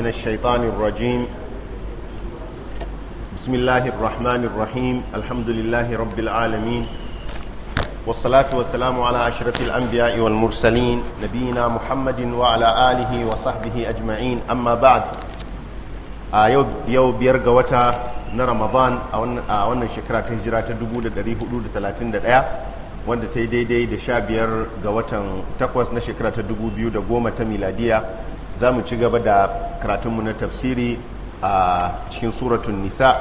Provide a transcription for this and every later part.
من الشيطان الرجيم بسم الله الرحمن الرحيم الحمد لله رب العالمين والصلاة والسلام على أشرف الأنبياء والمرسلين نبينا محمد وعلى آله وصحبه أجمعين أما بعد يوم يو رمضان وتا نرمضان أو أن شكرا تهجرة تدبو لدري حدود 31 wanda ta yi daidai da sha biyar ga watan takwas na shekara ta dubu biyu da goma ta miladiya za mu ci gaba da karatunmu na tafsiri a cikin suratun nisa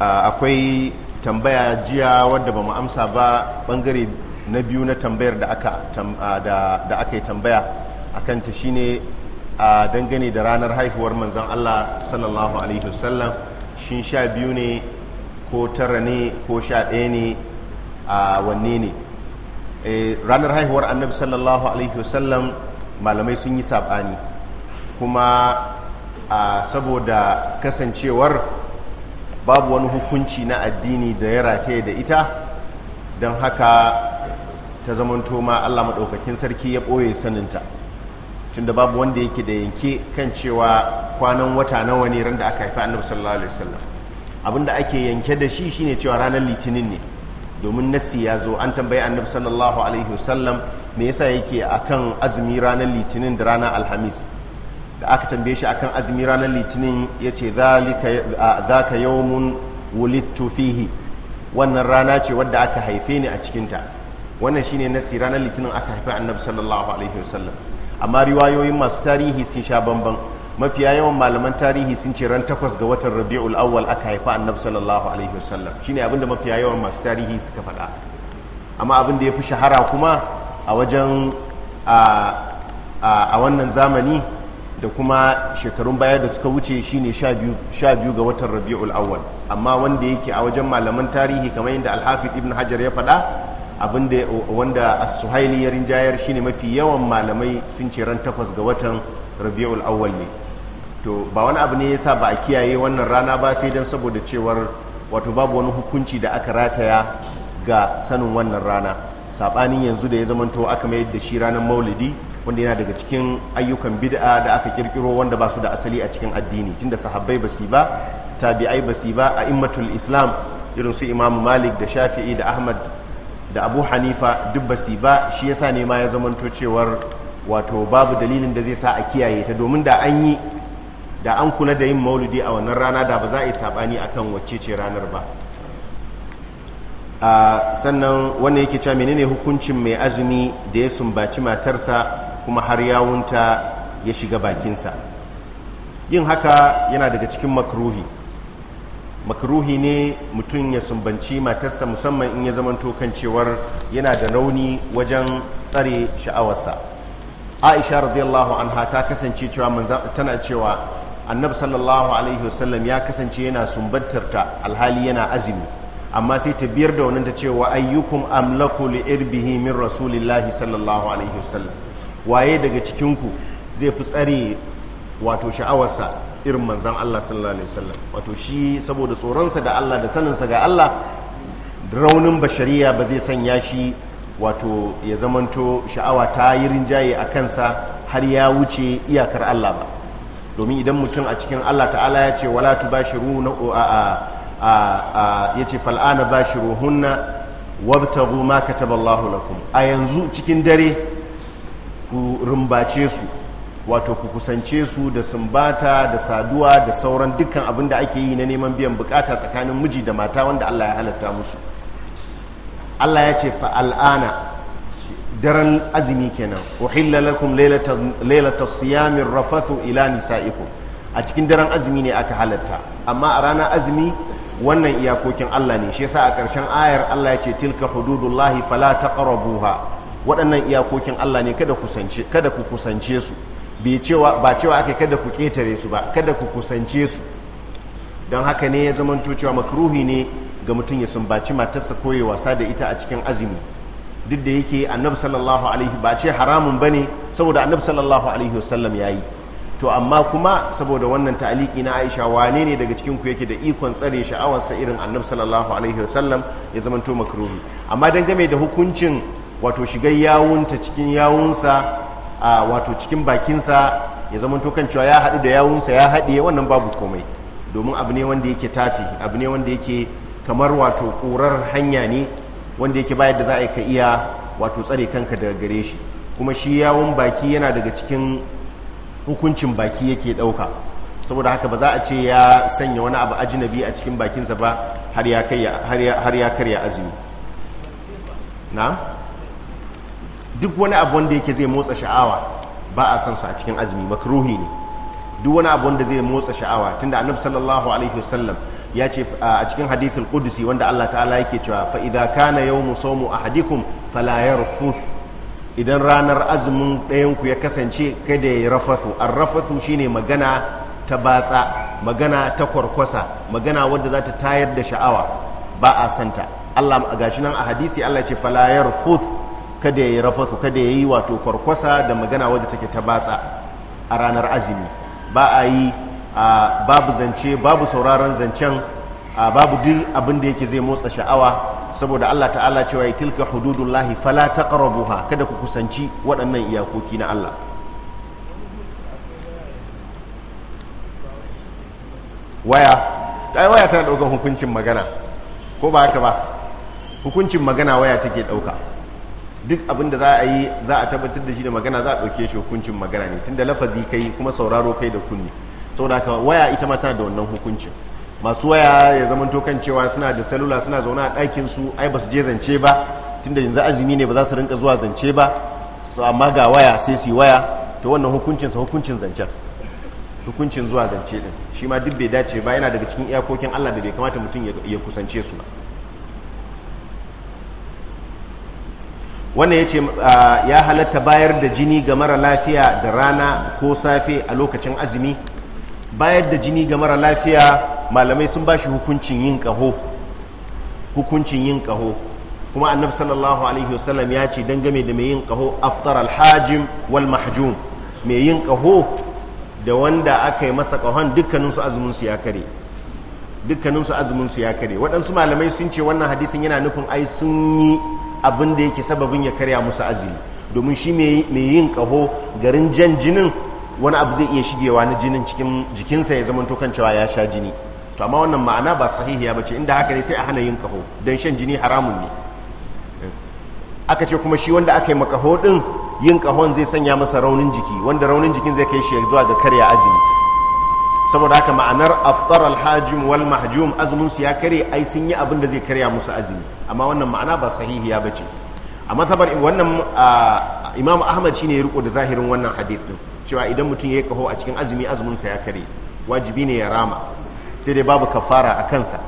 akwai tambaya jiya wadda ba mu amsa ba bangare na biyu na tambayar da aka yi tambaya a kanta shine a dangane da ranar haihuwar manzon Allah sallallahu alaihi wasallam shin sha biyu ne ko tara ne ko sha ɗaya ne a wanne ne eh, ranar haihuwar annabi sallallahu alaihi wasallam malamai sun yi saɓani kuma a saboda kasancewar babu wani hukunci na addini da ya rataye da ita don haka ta zamanto ma allah maɗaukakin sarki ya ɓoye saninta tunda babu wanda yake da yanke kan cewa kwanan wata nawa ne ran da aka haifi annabi sallallahu alaihi wasallam abinda ake yanke da shi shine cewa ranar litinin ne domin nassi ya zo an tambayi annabi sallallahu alaihi wasallam me yasa yake akan azumi ranar litinin da ranar alhamis da aka tambaye shi akan azumi ranar litinin ya ce za ka yawmun wulittu fihi wannan rana ce wadda aka haife ni a cikinta wannan shine nasi ranar litinin aka haifi annabi sallallahu alaihi wasallam amma riwayoyin masu tarihi sun sha bamban mafiya yawan malaman tarihi sun ce ran takwas ga watan rabi'ul awwal aka haifa annabi sallallahu alaihi wasallam shine abinda mafiya yawan masu tarihi suka faɗa amma abinda ya fi shahara kuma a wajen a wannan zamani da kuma shekarun baya da suka wuce shine sha biyu ga watan rabi'ul awwal amma wanda yake a wajen malaman tarihi kamar yadda alhafiz ibn hajar ya faɗa abinda wanda as-suhaili ya rinjayar shine mafi yawan malamai sun ce ran takwas ga watan rabi'ul awwal ne to ba wani abu ne ya sa ba a kiyaye wannan rana ba sai dan saboda cewar wato babu wani hukunci da aka rataya ga sanin wannan rana saɓanin yanzu da ya zamanto aka mayar da shi ranar maulidi wanda yana daga cikin ayyukan bid'a da aka kirkiro wanda ba su da asali a cikin addini tunda sahabbai ba su ba tabi'ai ba su ba a immatul islam irin su imamu malik da shafi'i da ahmad da abu hanifa duk ba su ba shi yasa ne ma ya zamanto cewar wato babu dalilin da zai sa a kiyaye ta domin da an yi da an kula da yin maulidi a wannan rana da ba za a yi sabani akan wacce ce ranar ba sannan wannan yake cewa menene hukuncin mai azumi da ya sumbaci matarsa kuma har yawunta ya shiga bakinsa yin haka yana daga cikin makruhi makruhi ne mutum ya sumbanci matarsa musamman in ya zamanto kan cewar yana da rauni wajen tsare sha'awarsa aisha radiyallahu anha ta kasance cewa tana cewa annabi sallallahu alaihi wasallam ya kasance yana sumbantarta alhali yana azumi amma sai ta biyar da wannan ta cewa ayyukum amlaku li irbihi min rasulillahi sallallahu alaihi wasallam waye daga cikinku zai fi tsare wato sha'awarsa irin manzan Allah sallallahu alaihi wasallam wato shi saboda tsoronsa da Allah da saninsa ga Allah raunin bashariya ba zai sanya shi wato ya zamanto sha'awa ta yi rinjaye a kansa har ya wuce iyakar Allah ba domin idan mutum a cikin Allah ta'ala ya ce wala bashiru na a ya ce fal'ana bashiruhunna wabtagu ma kataballahu lakum a yanzu cikin dare ku rumbace su wato ku kusance su da sumbata da saduwa da sauran dukkan abin da ake yi na neman biyan bukata tsakanin miji da mata wanda Allah ya halatta musu Allah ya ce fa'al'ana daren azumi kenan uhilla lakum lailata siyamin rafathu ila nisa'ikum a cikin daren azumi ne aka halatta amma a ranar azumi wannan iyakokin Allah ne shi yasa a ƙarshen ayar Allah ya ce tilka hududullahi fala taqrabuha waɗannan iyakokin Allah ne kada ku kusance su cewa ba cewa ake kada ku ketare su ba kada ku kusance su don haka ne ya zama cewa makruhi ne ga mutum ya sumbaci matarsa ko ya wasa da ita a cikin azumi duk da yake annabi sallallahu alaihi ba ce haramun bane saboda annabi sallallahu alaihi wasallam yayi to amma kuma saboda wannan ta'aliki na Aisha wane ne daga cikin ku yake da ikon tsare sha'awarsa irin annabi sallallahu alaihi wasallam ya zama to makruhi amma dangane da hukuncin wato shigar yawunta cikin yawunsa a wato cikin bakinsa ya zama kan cewa ya haɗu da yawunsa ya haɗe wannan babu komai domin abu ne wanda yake tafi abu ne wanda yake kamar wato ƙurar hanya ne wanda yake bayar da za a yi ka iya wato tsare kanka daga gare shi kuma shi yawun baki yana daga cikin hukuncin baki yake ɗauka saboda haka ba za a ce ya sanya wani abu biyu a cikin bakinsa ba har ya karya azumi na? duk wani abu wanda yake zai motsa sha'awa ba a san su a cikin azumi makruhi ne duk wani abu wanda zai motsa sha'awa tunda annabi sallallahu alaihi wasallam ya ce a cikin hadithul qudsi wanda Allah ta'ala yake cewa fa idza kana yawmu sawmu ahadikum fala yarfuth idan ranar azumin ɗayan ku ya kasance kada ya rafathu arrafathu shine magana ta batsa magana ta kwarkwasa magana wanda za ta tayar da sha'awa ba a santa Allah gashi nan a hadisi Allah ya ce fala yarfuth kada ya yi rafasu kada ya yi wato kwarkwasa da magana wadda take ta batsa a ranar azumi ba a yi babu zance babu sauraron zancen babu duk abin da yake zai motsa sha'awa saboda Allah ta'ala cewa ya tilka hududullahi fala taqrabuha kada ku kusanci waɗannan iyakoki na Allah waya waya tana ɗaukar hukuncin magana ko ba haka ba hukuncin magana waya take ɗauka duk abin da za a yi za a tabbatar da shi da magana za a ɗauke shi hukuncin magana ne tunda lafazi kai kuma sauraro kai da kunni saboda haka waya ita mata da wannan hukuncin masu waya ya zama kan cewa suna da salula suna zaune a ɗakin su ai ba su je zance ba tunda yanzu azumi ne ba za su rinka zuwa zance ba so amma ga waya sai su yi waya to wannan hukuncinsa hukuncin zancen hukuncin zuwa zance din shi ma duk bai dace ba yana daga cikin iyakokin Allah da bai kamata mutum ya kusance su ba wannan ya ce ah, ya halatta bayar da jini ga mara lafiya da rana ko safe a lokacin azumi bayar da jini ga mara lafiya malamai sun ba shi hukuncin yin kaho hukuncin yin kaho kuma annabi sallallahu alaihi wasallam ya ce dangame da mai yin kaho aftar alhajim wal mahjum mai yin kaho da wanda aka yi masa kahon dukkaninsu azuminsu ya kare dukkaninsu azuminsu ya kare waɗansu malamai sun ce wannan hadisin yana nufin ai sun yi abin da yake sababin ya karya musu azumi domin shi mai yin kaho garin jan jinin wani abu zai iya shigewa na jinin cikin jikinsa ya zama tokan cewa ya sha jini to amma wannan ma'ana ba sahihiya bace inda haka ne sai a hana yin kaho don shan jini haramun ne aka ce kuma shi wanda aka yi makaho din yin kahon zai sanya masa raunin jiki wanda raunin jikin zai kai shi zuwa ga karya azumi saboda haka ma'anar aftar alhajim wal mahjum azuminsu ya kare ai sun yi abin da zai karya musu azumi amma wannan ma'ana ba sahihi ya bace a matsabar wannan imam ahmad shine ya riko da zahirin wannan hadith din cewa idan mutum ya kaho a cikin azumi azumin sa ya kare wajibi ne ya rama sai dai babu kafara a kansa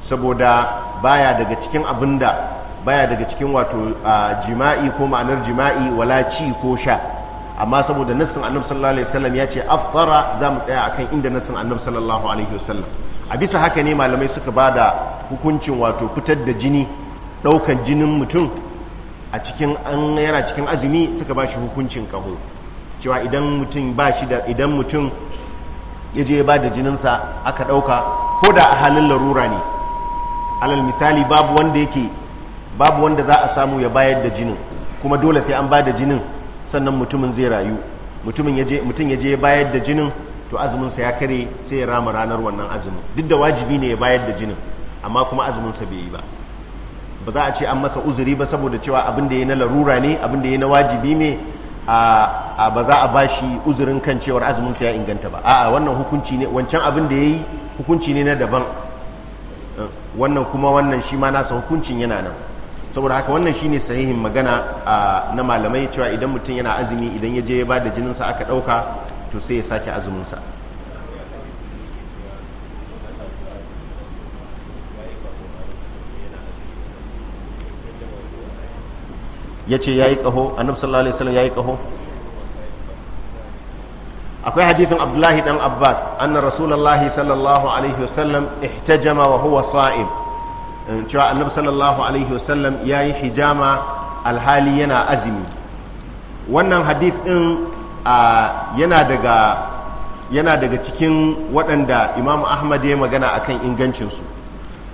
saboda baya daga cikin abinda baya daga cikin wato jima'i ko ma'anar jima'i wala ci ko sha amma saboda nassin annabi sallallahu alaihi wasallam ya ce aftara za mu tsaya akan inda nassin annabi sallallahu alaihi wasallam a bisa haka ne malamai suka ba da hukuncin wato fitar da jini ɗaukan jinin mutum a cikin an yana cikin azumi suka ba shi hukuncin kaho cewa idan mutum ba shi da idan mutum ya je ba da jininsa aka ɗauka ko da a halin larura ne alal misali babu wanda yake babu wanda za a samu ya bayar da jinin kuma dole sai an ba da jinin sannan mutumin zai rayu mutumin ya je mutum ya je bayar da jinin to azuminsa ya kare sai ya rama ranar wannan azumin duk da wajibi ne ya bayar da jinin amma kuma azuminsa bai yi ba ba za a ce an masa uzuri ba saboda cewa abin da ya na larura ne abin da ya na wajibi ne a ba za a ba shi uzurin kan cewar azuminsa ya inganta ba a wannan hukunci ne wancan abin da ya yi hukunci ne na daban wannan kuma wannan shi ma nasa hukuncin yana nan saboda haka wannan shine sahihin magana na malamai cewa idan mutum yana azumi idan ya je ya bada jininsa aka ɗauka to sai ya sake azuminsa ya ce ya yi ƙaho annabi sallallahu alaihi wasallam ya yi ƙaho akwai hadithin abdullahi dan abbas annan rasulallah sallallahu alaihi wasallam ihtajama wa huwa sa'im cewa annabi sallallahu alaihi wasallam ya yi hijama alhali yana azumi wannan hadith din yana daga yana daga cikin waɗanda imam ahmad ya magana akan ingancinsu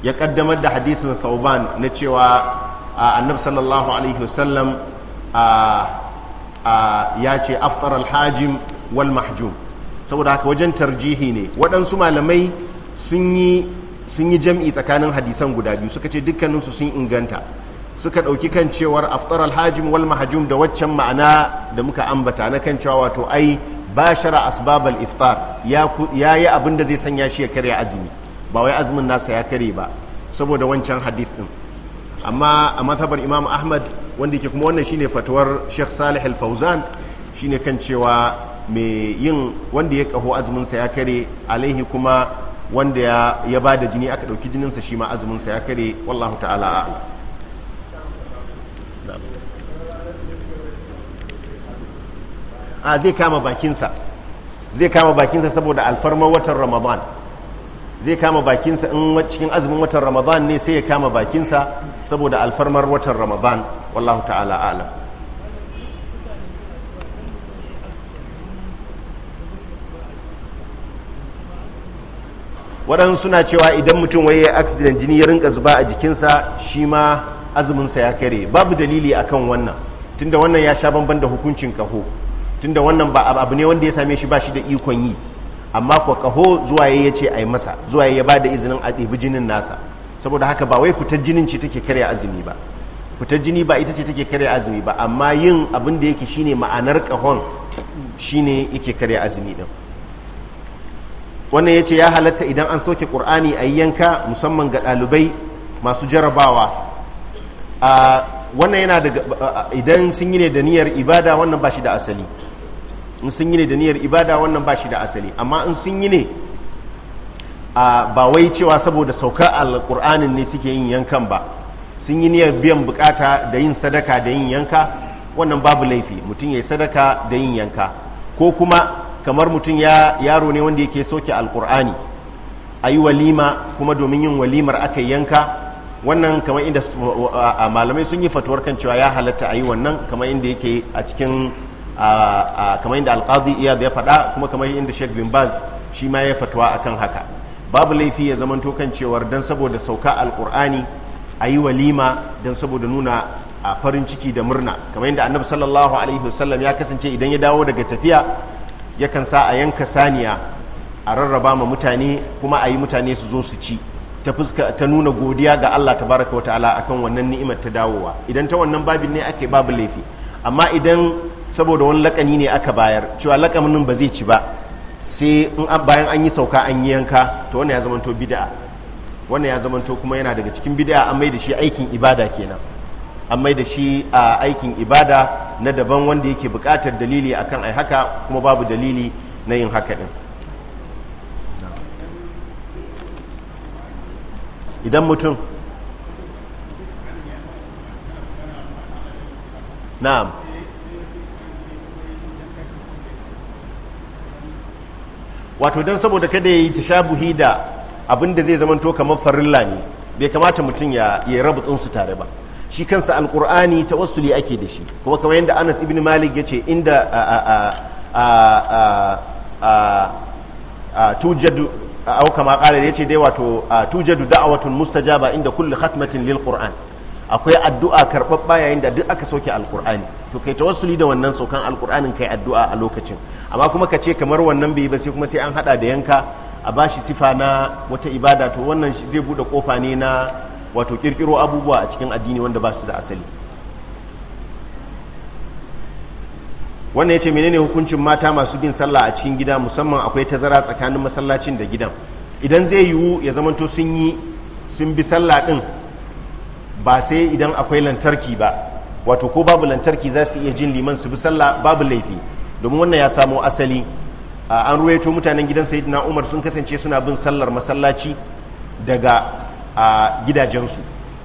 ya ƙaddamar da hadisin thauban na cewa annabi sallallahu alaihi wasallam ya ce aftar alhajim wal mahjum saboda haka wajen tarjihi ne waɗansu malamai sun yi sun yi jam'i tsakanin hadisan guda biyu suka ce dukkaninsu sun inganta suka ɗauki kan cewar aftar alhajim wal mahajum da waccan ma'ana da muka ambata na kan cewa wato ai shara asbabal iftar ya yi abin da zai sanya shi ya karya azumi ba wai azumin nasa ya kare ba saboda wancan hadith din amma a mazhabar imam ahmad wanda yake kuma wannan shine fatuwar sheikh salih al-fauzan shine kan cewa mai yin wanda ya kaho azumin sa ya kare alaihi kuma wanda ya ba da jini aka ɗauki jininsa shi ma sa ya kare wallahu ta'ala a'lam a zai kama bakinsa zai kama sa saboda alfarmar watan ramadan zai kama bakinsa in cikin azumin watan ramadan ne sai ya kama bakinsa saboda alfarmar watan ramadan wallahu ta'ala alam waɗansu suna cewa idan mutum waye accident jini ya rinka zuba a jikinsa shi ma azuminsa ya kare babu dalili akan wannan tunda wannan ya sha bamban da hukuncin kaho tunda wannan ba abu ne wanda ya same shi ba shi da ikon yi amma ko kaho zuwa ya yace a yi masa zuwa ya ba da izinin a ɗibi jinin nasa saboda haka ba wai fitar jinin ce take karya azumi ba fitar jini ba ita ce take karya azumi ba amma yin abin da yake shine ma'anar kahon shine yake karya azumi din wannan ya ce ya halatta idan an soke ƙur'ani a yanka musamman ga ɗalibai masu jarabawa wannan yana da idan sun yi ne da niyyar ibada wannan ba shi da asali in sun yi ne da niyyar ibada wannan ba shi da asali amma in sun yi ne ba wai cewa saboda sauka alƙur'anin ne suke yin yankan ba sun yi niyyar biyan bukata da yin sadaka da yin yanka wannan babu laifi mutum ya yi sadaka da yin yanka ko kuma kamar mutum ya yaro ne wanda yake soke alkur'ani a yi walima kuma domin yin walimar aka yanka wannan kamar inda malamai sun yi fatuwar kan cewa ya halatta a yi wannan kamar inda yake a cikin kamar inda alkazi iya ya faɗa kuma kamar inda sheikh bin baz shi ma ya fatuwa akan haka babu laifi ya zamanto kan cewar don saboda sauka alkur'ani a yi walima don saboda nuna a farin ciki da murna kamar inda annabi sallallahu alaihi wasallam ya kasance idan ya dawo daga tafiya yakan sa a yanka saniya a rarraba ma mutane kuma a yi mutane su zo su ci ta fuska ta nuna godiya ga Allah ta baraka wa ta'ala akan wannan ni'imar ta dawowa idan ta wannan babin ne ake babu laifi amma idan saboda wani lakani ne aka bayar cewa lakanin ba zai ci ba sai in bayan an yi sauka an yi yanka to wannan ya zamanto bid'a wannan ya zamanto kuma yana daga cikin bid'a an mai da shi aikin ibada kenan an mai da shi a aikin ibada na daban wanda yake bukatar dalili akan ai haka kuma babu dalili na yin haka ɗin idan mutum na'am wato don saboda kada ya yi tashabuhi da abin da zai zamanto kamar farilla ne bai kamata mutum ya rabu tsunsu tare ba shi kansa alkur'ani tawassuli ake da shi kuma kamar yadda anas ibn malik ya ce inda tujadu au kama kare ya ce dai wato tujadu da'awatun mustajaba inda kulli khatmatin lil qur'an akwai addu'a karbabba yayin da duk aka soke alkur'ani to kai tawassuli da wannan saukan alkur'anin kai addu'a a lokacin amma kuma ka ce kamar wannan bai ba sai kuma sai an hada da yanka a bashi sifa na wata ibada to wannan zai bude kofa ne na wato kirkiro abubuwa a cikin addini wanda ba su da asali wannan ya ce mene ne hukuncin mata masu bin sallah a cikin gida musamman akwai tazara tsakanin masallacin da gidan idan zai yiwu ya zamanto sun yi sun bi sallah din ba sai idan akwai lantarki ba wato ko babu lantarki za su iya jin liman su bi sallah babu laifi domin wannan ya samo asali an ruwaito mutanen gidan sayyidina umar sun kasance suna bin sallar masallaci daga a gidajensu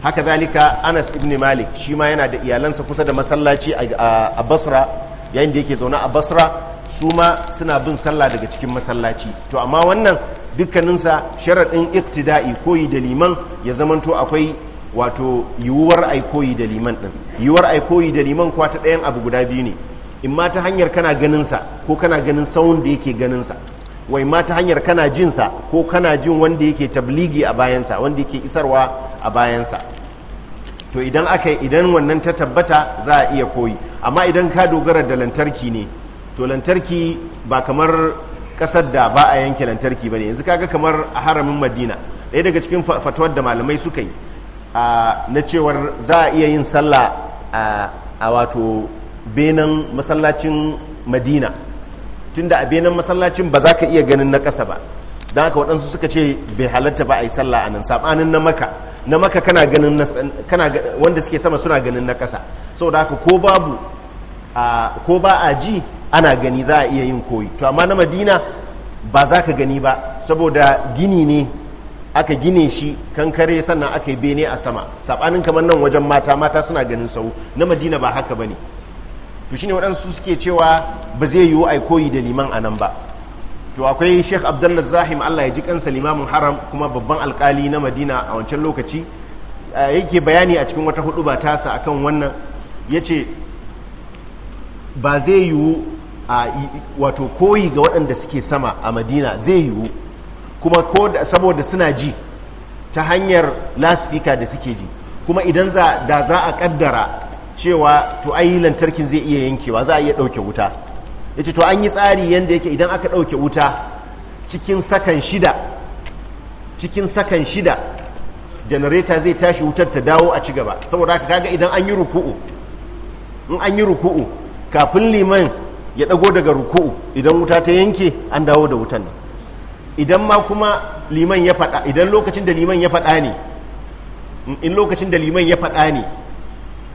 haka zalika anas ibn malik shi ma yana da iyalansa kusa da masallaci a basra yayin da yake zaune a basra su ma suna bin sallah daga cikin masallaci to amma wannan dukkaninsa sharaɗin iktida'i koyi da liman ya zamanto akwai wato yiwuwar ai koyi da liman ɗin yiwuwar ai koyi da liman kuwa ta ɗayan abu guda biyu ne in ma ta hanyar kana ganinsa ko kana ganin sawun da yake ganinsa wai ma ta hanyar kana jinsa ko kana jin wanda yake tabligi a bayansa wanda yake isarwa a bayansa to idan aka idan wannan ta tabbata za a iya koyi amma idan ka dogara da lantarki ne to lantarki ba kamar kasar da ba a yanke lantarki ba ne yanzu kaga kamar a haramin madina ɗaya daga cikin fatuwar da malamai suka yi na cewar za a iya yin sallah a wato benin masallacin madina tunda a benin masallacin ba za ka iya ganin na ƙasa ba don haka waɗansu suka ce bai halatta ba a yi sallah a nan saɓanin na maka na maka kana ganin kana wanda suke sama suna ganin na ƙasa saboda haka ko babu ko ba a ji ana gani za a iya yin koyi to amma na madina ba za ka gani ba saboda gini ne aka gine shi kankare sannan aka yi bene a sama saɓanin kamar nan wajen mata mata suna ganin sau na madina ba haka ba ne to shine waɗansu suke cewa ba zai yiwu ai koyi da liman a nan ba to akwai sheikh abdullahi zahim allah ya ji kansa limamin haram kuma babban alkali na madina a wancan lokaci eh, yake bayani a cikin wata hudu ba tasa akan wannan ya ce ba zai yiwu a wato koyi ga waɗanda suke sama a madina zai yiwu kuma ko saboda suna ji ta hanyar lasifika da suke ji kuma idan da za a kaddara cewa to ai lantarkin zai iya yankewa za a iya ɗauke wuta ya ce to an yi tsari yadda yake idan aka ɗauke wuta cikin sakan shida cikin sakan shida janareta zai tashi wutar ta dawo a cigaba saboda haka kaga idan an yi ruku'u in an yi ruku'u kafin liman ya ɗago daga ruku'u idan wuta ta yanke an dawo da wutan nan idan ma kuma liman ya faɗa idan lokacin da liman ya faɗa ne in lokacin da liman ya faɗa ne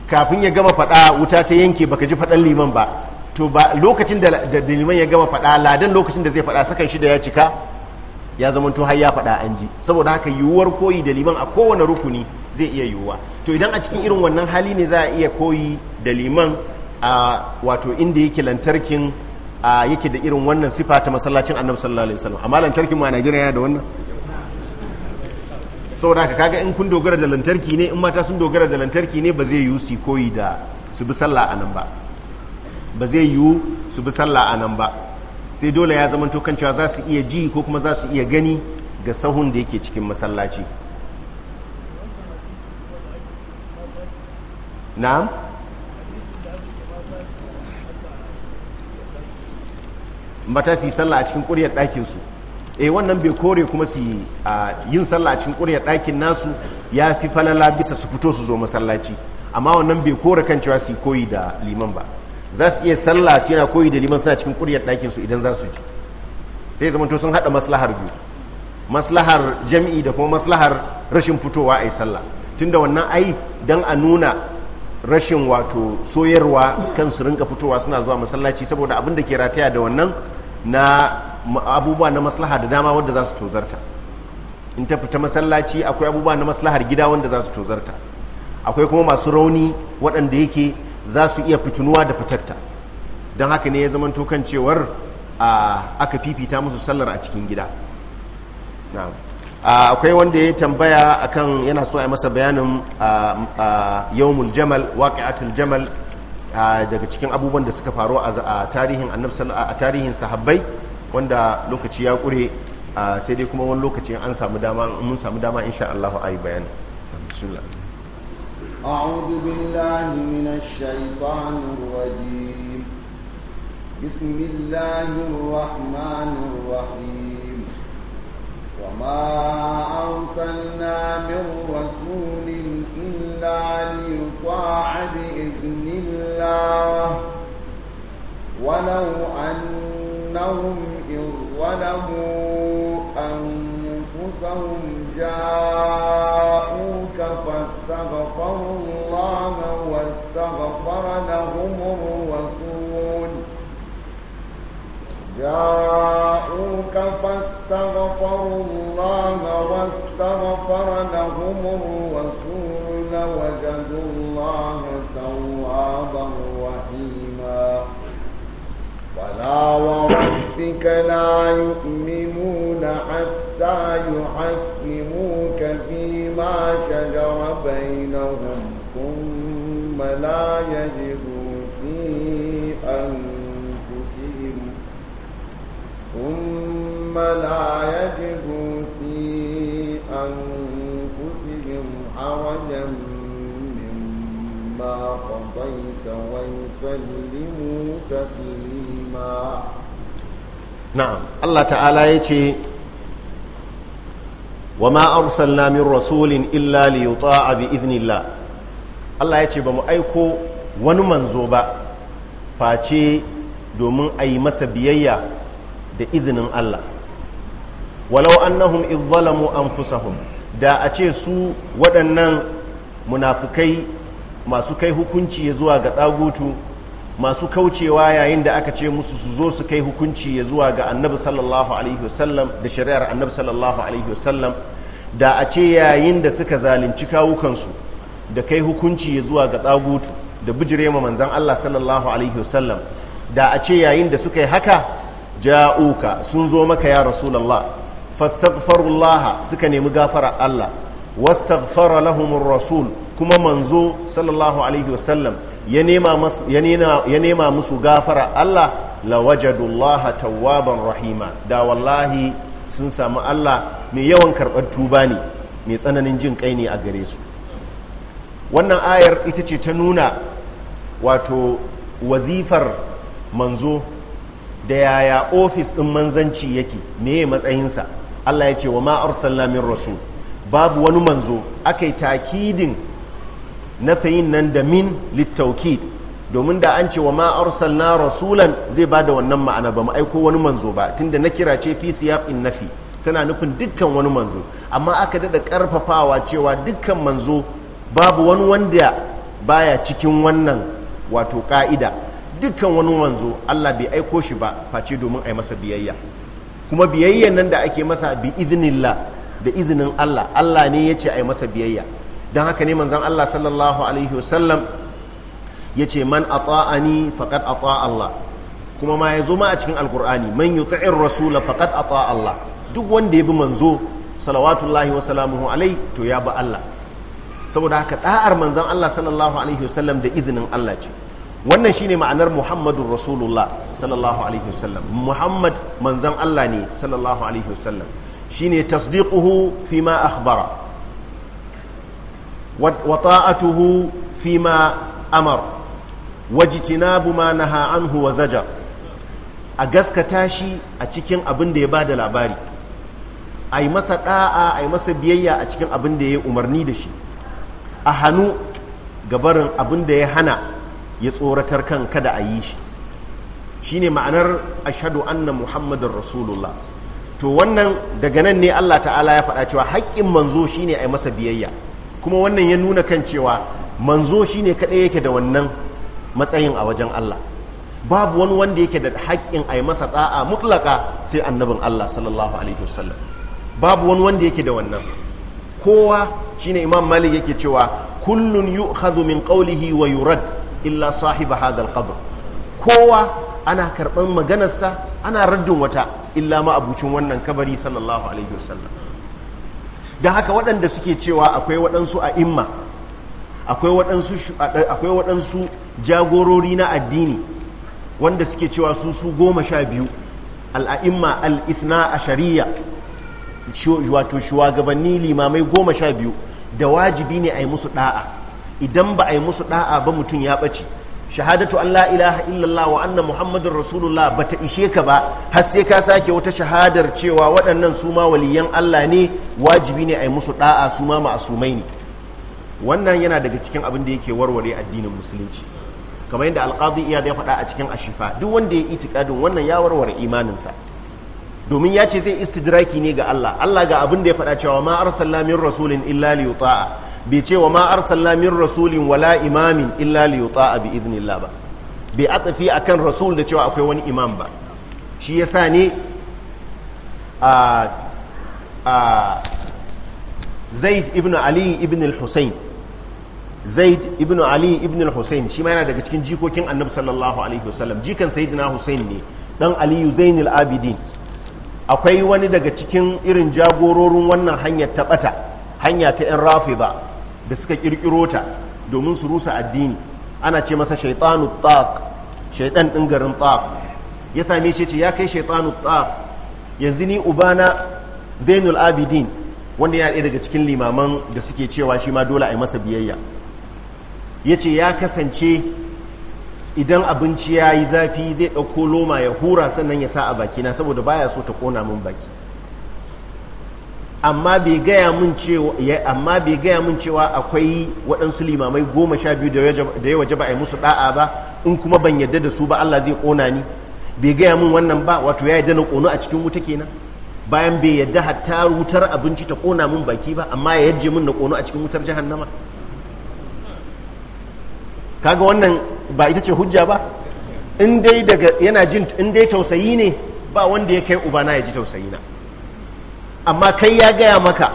kafin ya gama faɗa wuta ta yanke baka ji faɗan liman ba to ba lokacin da liman ya gama faɗa ladan lokacin da zai faɗa sakan shida ya cika ya zama to har ya faɗa an ji saboda haka yiwuwar koyi da liman a kowane rukuni zai iya yiwuwa to idan a cikin irin wannan hali ne za a iya koyi da liman a wato inda yake lantarkin yake da irin wannan sifa ta masallacin annabi sallallahu alaihi wasallam amma lantarkin mu a Najeriya yana da wannan saboda ka kaga in kun dogara da lantarki ne in mata sun dogara da lantarki ne ba zai yiwu su koyi da su bi sallah a nan ba ba zai yiwu su bi sallah a nan ba sai dole ya zama to cewa za su iya ji ko kuma za su iya gani ga sahun da yake cikin masallaci na'am mata su yi sallah a cikin ƙuryar ɗakinsu e wannan bai kore kuma su yi yin sallah cikin ƙuryar ɗakin nasu ya fi falala bisa su fito su zo masallaci amma wannan bai kore kan cewa su koyi da liman ba za su iya sallah su yana koyi da liman suna cikin ƙuryar ɗakin su idan za su ji sai zama to sun haɗa maslahar biyu maslahar jam'i da kuma maslahar rashin fitowa a yi sallah tunda wannan ai dan a nuna rashin wato soyarwa kan su rinka fitowa suna zuwa masallaci saboda abin da ke rataya da wannan na abubuwa na maslaha da dama wanda za su tozarta in ta fita masallaci akwai abubuwa na maslahar gida wanda za su tozarta akwai kuma masu rauni waɗanda yake za su iya fitunuwa da fitatta don haka ne ya zama tokan cewar aka fifita musu sallar a cikin gida akwai wanda ya tambaya akan yana so a masa bayanin yawmul jamal waƙi'atul jamal daga cikin abubuwan da suka faru a tarihin sahabbai Wanda lokaci ya ƙure, sai dai kuma wani lokaci an samu dama, mun samu dama, in sha Allah ayi bayan. Abdullahi na Shaiɓa nawa waje? Bismillahi wa'im wa'im. Kuma an san na min rasulin sunan illa ni kwa'abi, izini wa wani wani. إنهم إن ظلموا أنفسهم جاءوك فاستغفروا الله واستغفر لهم الرسول جاءوك فاستغفروا الله واستغفر لهم الرسول وجدوا الله توبا فلا وربك لا يؤمنون حتى يحكموك فيما شجر بينهم ثم لا يجدوا في أنفسهم ثم لا يجدوا في أنفسهم حرجا مما قضيت ويسلموا تسليما الماء نعم الله تعالى يتي وما أرسلنا من رسول إلا ليطاع بإذن الله الله يتي aiko أيكو manzo ba فاتي domin a yi masa biyayya da izinin Allah walau annahum izzalamu anfusahum da a ce su waɗannan munafukai masu kai hukunci zuwa ga ɗagutu masu kaucewa yayin da aka ce musu su zo su kai hukunci ya zuwa ga annabi sallallahu alaihi wasallam da shari'ar annabi sallallahu alaihi wasallam da a ce yayin da suka zalunci kawukansu da kai hukunci ya zuwa ga tsagutu da bijire ma manzan Allah sallallahu alaihi wasallam da a ce yayin da suka yi haka ja'uka sun zo maka ya rasulullah fastaghfirullah suka nemi gafara Allah wastaghfara lahumur rasul kuma manzo sallallahu alaihi wasallam ya nema musu gafara Allah la tawwaban rahima da wallahi sun samu Allah mai yawan karɓar tuba ne mai tsananin jin kai ne a gare su wannan ayar ita ce ta nuna wato wazifar manzo da yaya ofis ɗin manzanci yake meye matsayinsa Allah ya ce wa ma arsalna min rasul babu wani manzo aka yi takidin na nafayin nan da min littauki domin da an ce wa ma arsalna rasulan zai ba da wannan ma'ana ba mu aiko wani manzo ba tunda na kira ce fi siyaqin nafi tana nufin dukkan wani manzo amma aka daɗa karfafawa cewa dukkan manzo babu wani wanda baya cikin wannan wato ka'ida dukkan wani manzo Allah bai aiko shi ba face domin a yi masa biyayya kuma biyayyan nan da ake masa bi iznillah da izinin Allah Allah ne ya ce a yi masa biyayya don haka ne manzan Allah sallallahu alaihi wasallam ya ce man a ata'ani faqad a Allah kuma ma ya zo a cikin alkur'ani man yi yuti'ir rasula faqad a Allah duk wanda ya bi manzo salawatullahi wa salamuhu alai to ya bi Allah saboda haka ɗa'ar manzan Allah sallallahu alaihi wasallam da izinin Allah ce wannan shine ma'anar Muhammadun Rasulullah sallallahu alaihi wasallam Muhammad manzan Allah ne sallallahu alaihi wasallam shine tasdiquhu fi ma akhbara wa ta'atuhu fi ma amar wajtinabu ma na anhu wa zajar a gaskata shi a cikin abin da ya da labari a yi masa da'a a yi masa biyayya a cikin abin da ya umarni da shi a hannu gabarin abin da ya hana ya tsoratar kan kada a yi shi shine ma'anar ashadu anna muhammadun rasulullah to wannan daga nan ne allah ta'ala ya faɗa cewa haƙƙin manzo shine a yi masa biyayya kuma wannan ya nuna kan cewa manzo shine kaɗai yake da wannan matsayin a wajen Allah babu wani wanda yake da haƙƙin a yi masa ɗa'a mutlaka sai annabin Allah sallallahu alaihi wasallam babu wani wanda yake da wannan kowa shine imam malik yake cewa kullun yu'khadhu min qawlihi wa yurad illa sahiba hadha al kowa ana karɓar maganarsa ana raddin wata illa ma abucin wannan kabari sallallahu alaihi wasallam da haka waɗanda suke cewa akwai waɗansu a imma akwai waɗansu jagorori na addini wanda suke cewa su su goma sha biyu al'a'imma al'isna a shari'a wato shugabanni limamai goma sha biyu da wajibi ne a yi musu ɗa'a idan ba a yi musu ɗa'a ba mutum ya ɓace shahadatu an la ilaha illallah wa anna muhammadun rasulullah bata ishe ka ba har sai ka sake wata shahadar cewa waɗannan su ma waliyan Allah ne wajibi ne a yi musu ɗa'a su ma ma'asumai ne wannan yana daga cikin abin da yake warware addinin musulunci kamar yadda alqadi iya ya faɗa a cikin ashifa duk wanda ya itikadin wannan ya warware imaninsa domin ya ce zai istidraki ne ga Allah Allah ga abin da ya faɗa cewa ma arsalna min rasulin illa liyuta'a bai ce wa ma arsala min rasulin wala imamin illa li yuta'a bi iznillah ba bai atafi akan rasul da cewa akwai wani imam ba shi sa ne a a zaid ibn ali ibn al-husayn zaid ibn ali ibn al-husayn shi ma yana daga cikin jikokin annabi sallallahu alaihi wasallam jikan sayyidina husayn ne dan aliyu zainul abidin akwai wani daga cikin irin jagororin wannan hanyar ta bata hanya ta yan rafida da suka kirkiro ta domin su rusa addini ana ce masa shaitanu taq shaitan din garin taq ya same shi ce ya kai shaitanu taq yanzu ni ubana zainul abidin wanda ya ɗaya daga cikin limaman da suke cewa shi ma dole a yi masa biyayya ya ce ya kasance idan abinci ya yi zafi zai ɗauko loma ya hura sannan ya sa a bakina saboda baya so ta ƙona min baki amma bai gaya mun cewa amma bai gaya mun cewa akwai waɗansu limamai goma sha biyu da ya waje ba a musu da'a ba in kuma ban yadda da su ba Allah zai ƙona ni bai gaya mun wannan ba wato ya yadda na ƙono a cikin wuta kenan bayan bai yadda hatta wutar abinci ta ƙona mun baki ba amma ya yadda mun na ƙono a cikin wutar jahannama kaga wannan ba ita ce hujja ba in dai daga yana jin in dai tausayi ne ba wanda ya kai ubana ya ji tausayi na amma kai ya gaya maka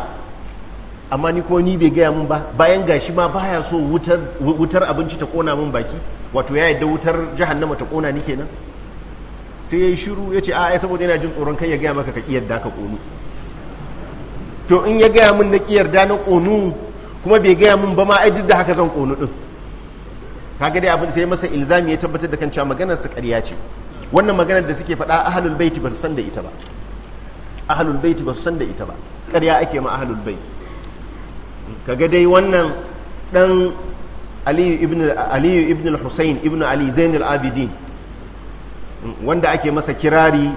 amma ni ko ni bai gaya min ba bayan gashi ma baya so wutar, wutar abinci ta kona min baki wato ya yadda wutar jahannama ta kona ni kenan sai ya shiru ya ce a ai saboda yana jin tsoron kai ya gaya maka ka kiyarda ka konu to in ya gaya min na kiyarda na konu kuma bai gaya min ba ma ai duk da haka zan konu din kaga dai abin sai masa ilzami ya tabbatar da kan cewa maganar su ƙarya ce wannan maganar da suke faɗa ahlul baiti ba su san da ita ba ahlul baiti ba su san da ita ba ƙarya ake ma ahalul baiti kaga dai wannan dan aliyu ibn aliyu ibn al-husayn ibn ali zainul abidin wanda ake masa kirari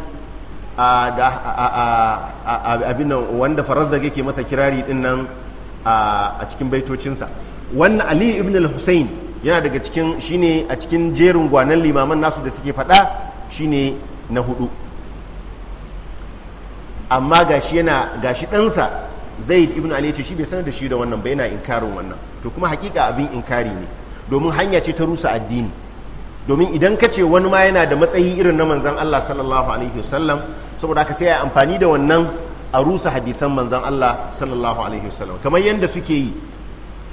a abin nan wanda farazdaq yake masa kirari din nan a cikin baitocinsa wannan aliyu ibn al-husayn yana daga cikin shine a cikin jerin gwanan limaman nasu da suke faɗa shine na hudu amma gashi yana gashi dansa zaid ibn ali ce shi bai sanar da shi da wannan ba yana inkarin wannan to kuma hakika abin inkari ne domin hanya ce ta rusa addini domin idan ka ce wani ma yana da matsayi irin na manzan Allah sallallahu alaihi wasallam saboda haka sai amfani da wannan a rusa hadisan manzan Allah sallallahu alaihi wasallam kamar yanda suke yi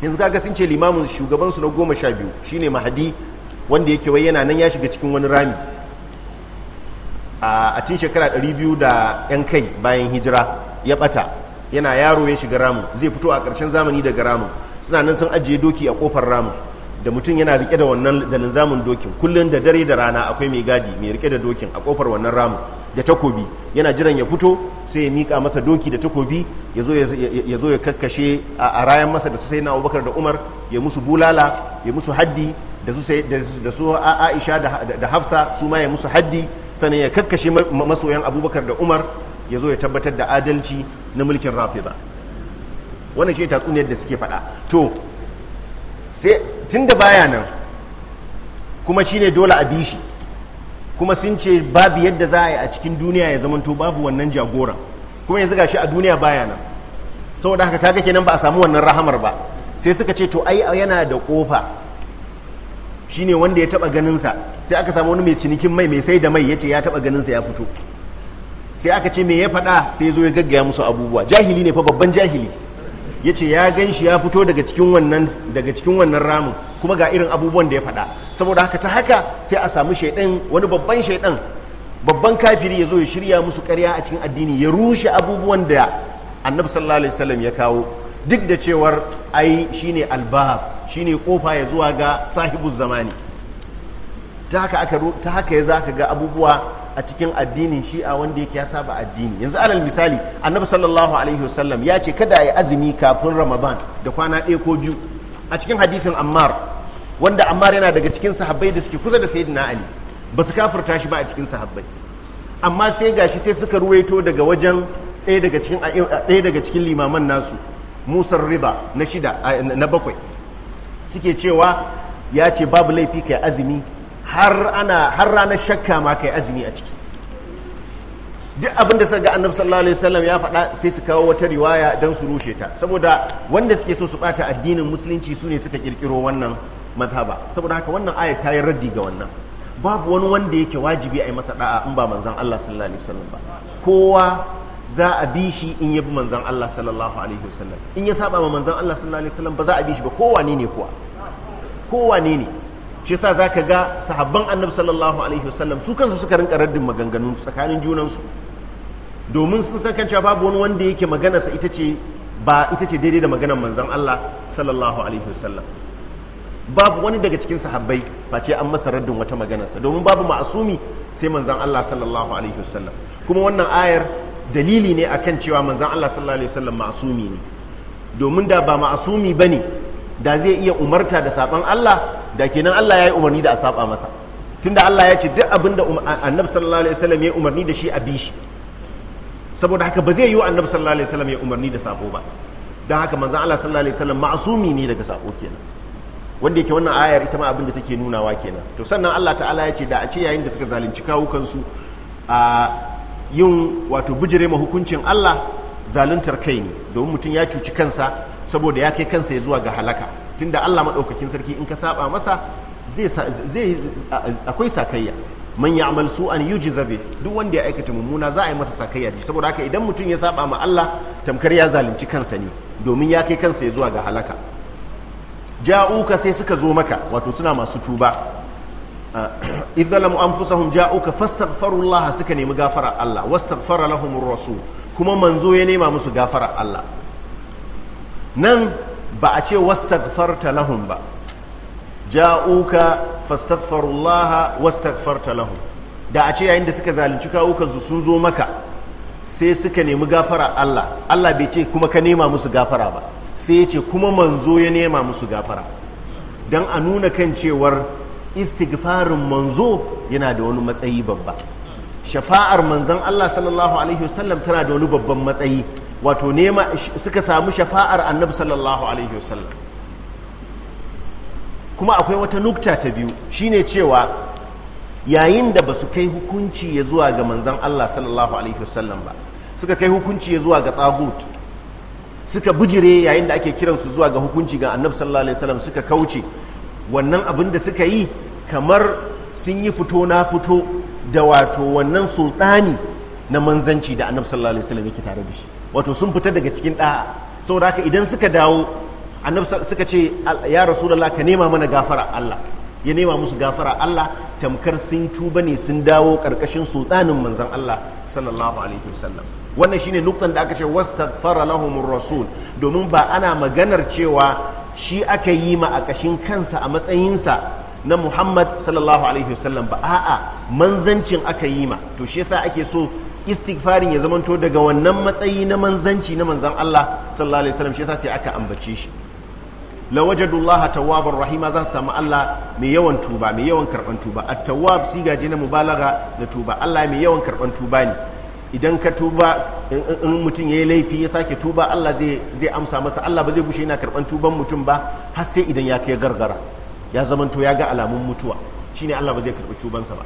yanzu kaga sun ce limamin shugaban su na goma sha biyu shine mahadi wanda yake wai yana nan ya shiga cikin wani rami a cikin shekara 200 da 'yan kai bayan hijira ya bata yana yaro ya shiga ramu zai fito a ƙarshen zamani daga ramu suna nan sun ajiye doki a kofar ramu da mutum yana rike da wannan da linzamin dokin kullum da dare da rana akwai mai gadi mai rike da dokin a ƙofar wannan ramu da takobi yana jiran ya fito sai ya mika masa doki da takobi ya zo ya kakkashe a rayan masa da su sai na abubakar da umar ya musu bulala ya musu haddi da su aisha da hafsa su ma ya musu haddi sannan ya kakkashe masoyan abubakar da umar ya zo ya tabbatar da adalci na mulkin rafida wannan ce tatsuniyar da suke faɗa to sai tun da baya nan kuma shine dole a bi shi kuma sun ce babu yadda za a yi a cikin duniya ya zamanto babu wannan jagoran kuma yanzu gashi a duniya baya nan saboda haka kaga kenan ba a samu wannan rahamar ba sai suka ce to ai yana da kofa Shi ne wanda ya taba sa sai aka samu wani mai cinikin mai mai sai da mai ya yace ya taba sa ya fito sai aka ce me ya faɗa sai zo ya gaggaya musu abubuwa jahili ne fa babban jahili Ya ce ya gan shi ya fito daga cikin wannan daga ramin kuma ga irin abubuwan da ya faɗa saboda haka ta haka sai a samu shaidan wani babban shaidan babban kafiri ya zo ya shirya musu karya a cikin addini ya rushe abubuwan da annabi sallallahu alaihi wasallam ya kawo duk da cewar ai shine albab shine kofa ya zuwa ga sahibu zamani ta haka aka ta haka ya zaka ga abubuwa a cikin addinin shi'a wanda yake ya saba addini yanzu alal misali annabi sallallahu alaihi wasallam ya ce kada yi azumi kafin ramadan da kwana ɗaya ko biyu a cikin hadithin ammar wanda ammar yana daga cikin sahabbai da suke kusa da sayyidina ali ba su kafirta shi ba a cikin sahabbai amma sai gashi sai suka ruwaito daga wajen ɗaya daga cikin limaman nasu musar riba na shida na bakwai suke cewa ya ce babu laifi kai azumi har ana har ranar shakka ma kai azumi a ciki duk abinda da suka ga annabi sallallahu alaihi wasallam ya faɗa sai su kawo wata riwaya don su rushe ta saboda wanda suke so su bata addinin musulunci su ne suka kirkiro wannan mazhaba saboda haka wannan ayat ta yi raddi ga wannan babu wani wanda yake wajibi a yi masa da'a in ba manzon Allah sallallahu alaihi wasallam ba kowa za a bi shi in ya bi manzan Allah sallallahu alaihi wasallam in ya saba ma manzan Allah sallallahu alaihi wasallam ba za a bi shi ba kowane ne kuwa kowane ne shi yasa zaka ga sahabban annabi sallallahu alaihi wasallam su kansu suka rinka raddin maganganun tsakanin junansu domin sun san kan cewa babu wani wanda yake sa ita ce ba ita ce daidai da maganar manzan Allah sallallahu alaihi wasallam babu wani daga cikin sahabbai face an masa raddin wata maganarsa domin babu ma'asumi sai manzan Allah sallallahu alaihi wasallam kuma wannan ayar dalili ne akan cewa manzan Allah sallallahu alaihi wasallam ma'asumi ne domin da ba ma'asumi bane da zai iya umarta da saban Allah da kenan Allah ya yi umarni da a saba masa tunda Allah ya ce duk abin da um-, annabi sallallahu alaihi wasallam ya yi umarni da shi a bi shi saboda haka ba zai yi wa annabi sallallahu alaihi wasallam ya umarni da sabo ba don haka manzan Allah sallallahu alaihi wasallam ma'asumi ne daga sabo kenan wanda yake wannan ayar ita ma abin da take nunawa kenan to sannan Allah ta'ala ya ce da a ce yayin da suka zalunci kawukansu a yin wato bijire ma hukuncin Allah zaluntar kai ne domin mutum ya cuci kansa saboda ya kai kansa ya zuwa ga halaka tunda Allah maɗaukakin sarki in ka saba masa zai akwai sakayya man ya'mal su'an yi bi duk wanda ya aikata mummuna za a yi masa sakayya ne saboda haka idan mutum ya saba ma Allah tamkar ya zalunci kansa ne domin ya kai kansa ya zuwa ga halaka ja'uka sai suka zo maka wato suna masu tuba idzalamu anfusahum ja'uka fastaghfirullaha suka nemi gafara Allah wastaghfara lahumur rasul kuma manzo ya nema musu gafara Allah nan ba a ce wastaghfarta lahum ba ja'uka fastaghfirullaha wastaghfarta lahum da a ce yayin da suka zalunci kawukansu sun zo maka sai suka nemi gafara Allah Allah bai ce kuma ka nema musu gafara ba sai ya ce kuma manzo ya nema musu gafara don a nuna kan cewar istighfarin manzo yana da wani matsayi babba shafa'ar manzon Allah sallallahu alaihi wasallam tana da wani babban matsayi wato nema suka samu shafa'ar annabi sallallahu alaihi wasallam kuma akwai wata nukta ta biyu shine cewa yayin da ba su kai hukunci ya zuwa ga manzon Allah sallallahu alaihi wasallam ba suka kai hukunci ya zuwa ga tagut suka bujire yayin da ake kiransu zuwa ga hukunci ga annabi sallallahu alaihi wasallam suka kauce wannan abin da suka yi kamar sun yi fito na fito da wato wannan sultani na manzanci da annabi sallallahu alaihi wasallam yake tare da shi wato sun fita daga cikin da'a saboda haka idan suka dawo annabi suka ce ya rasulullah ka nema mana gafara Allah ya nema musu gafara Allah tamkar sun tuba ne sun dawo karkashin sultanin manzon Allah sallallahu alaihi wasallam wannan shine nuktan da aka ce wastaghfara lahumur rasul domin ba ana maganar cewa shi aka yi ma a kashin kansa a matsayinsa na Muhammad sallallahu alaihi wasallam ba a'a manzancin aka yi ma to shi yasa ake so istighfarin ya zamanto daga wannan matsayi na manzanci na manzan Allah sallallahu alaihi wasallam shi yasa sai aka ambace shi lawajadullah tawwabar rahima zan samu Allah mai yawan tuba mai yawan karban tuba at-tawwab sigaje na mubalaga na tuba Allah mai yawan karban tuba ne idan ka tuba in mutum ya yi laifi ya sake tuba Allah zai amsa masa Allah ba zai gushe yana karban tuban mutum ba har sai idan ya kai gargara ya zamanto ya ga alamun mutuwa shi shine Allah ba zai karɓi tubansa ba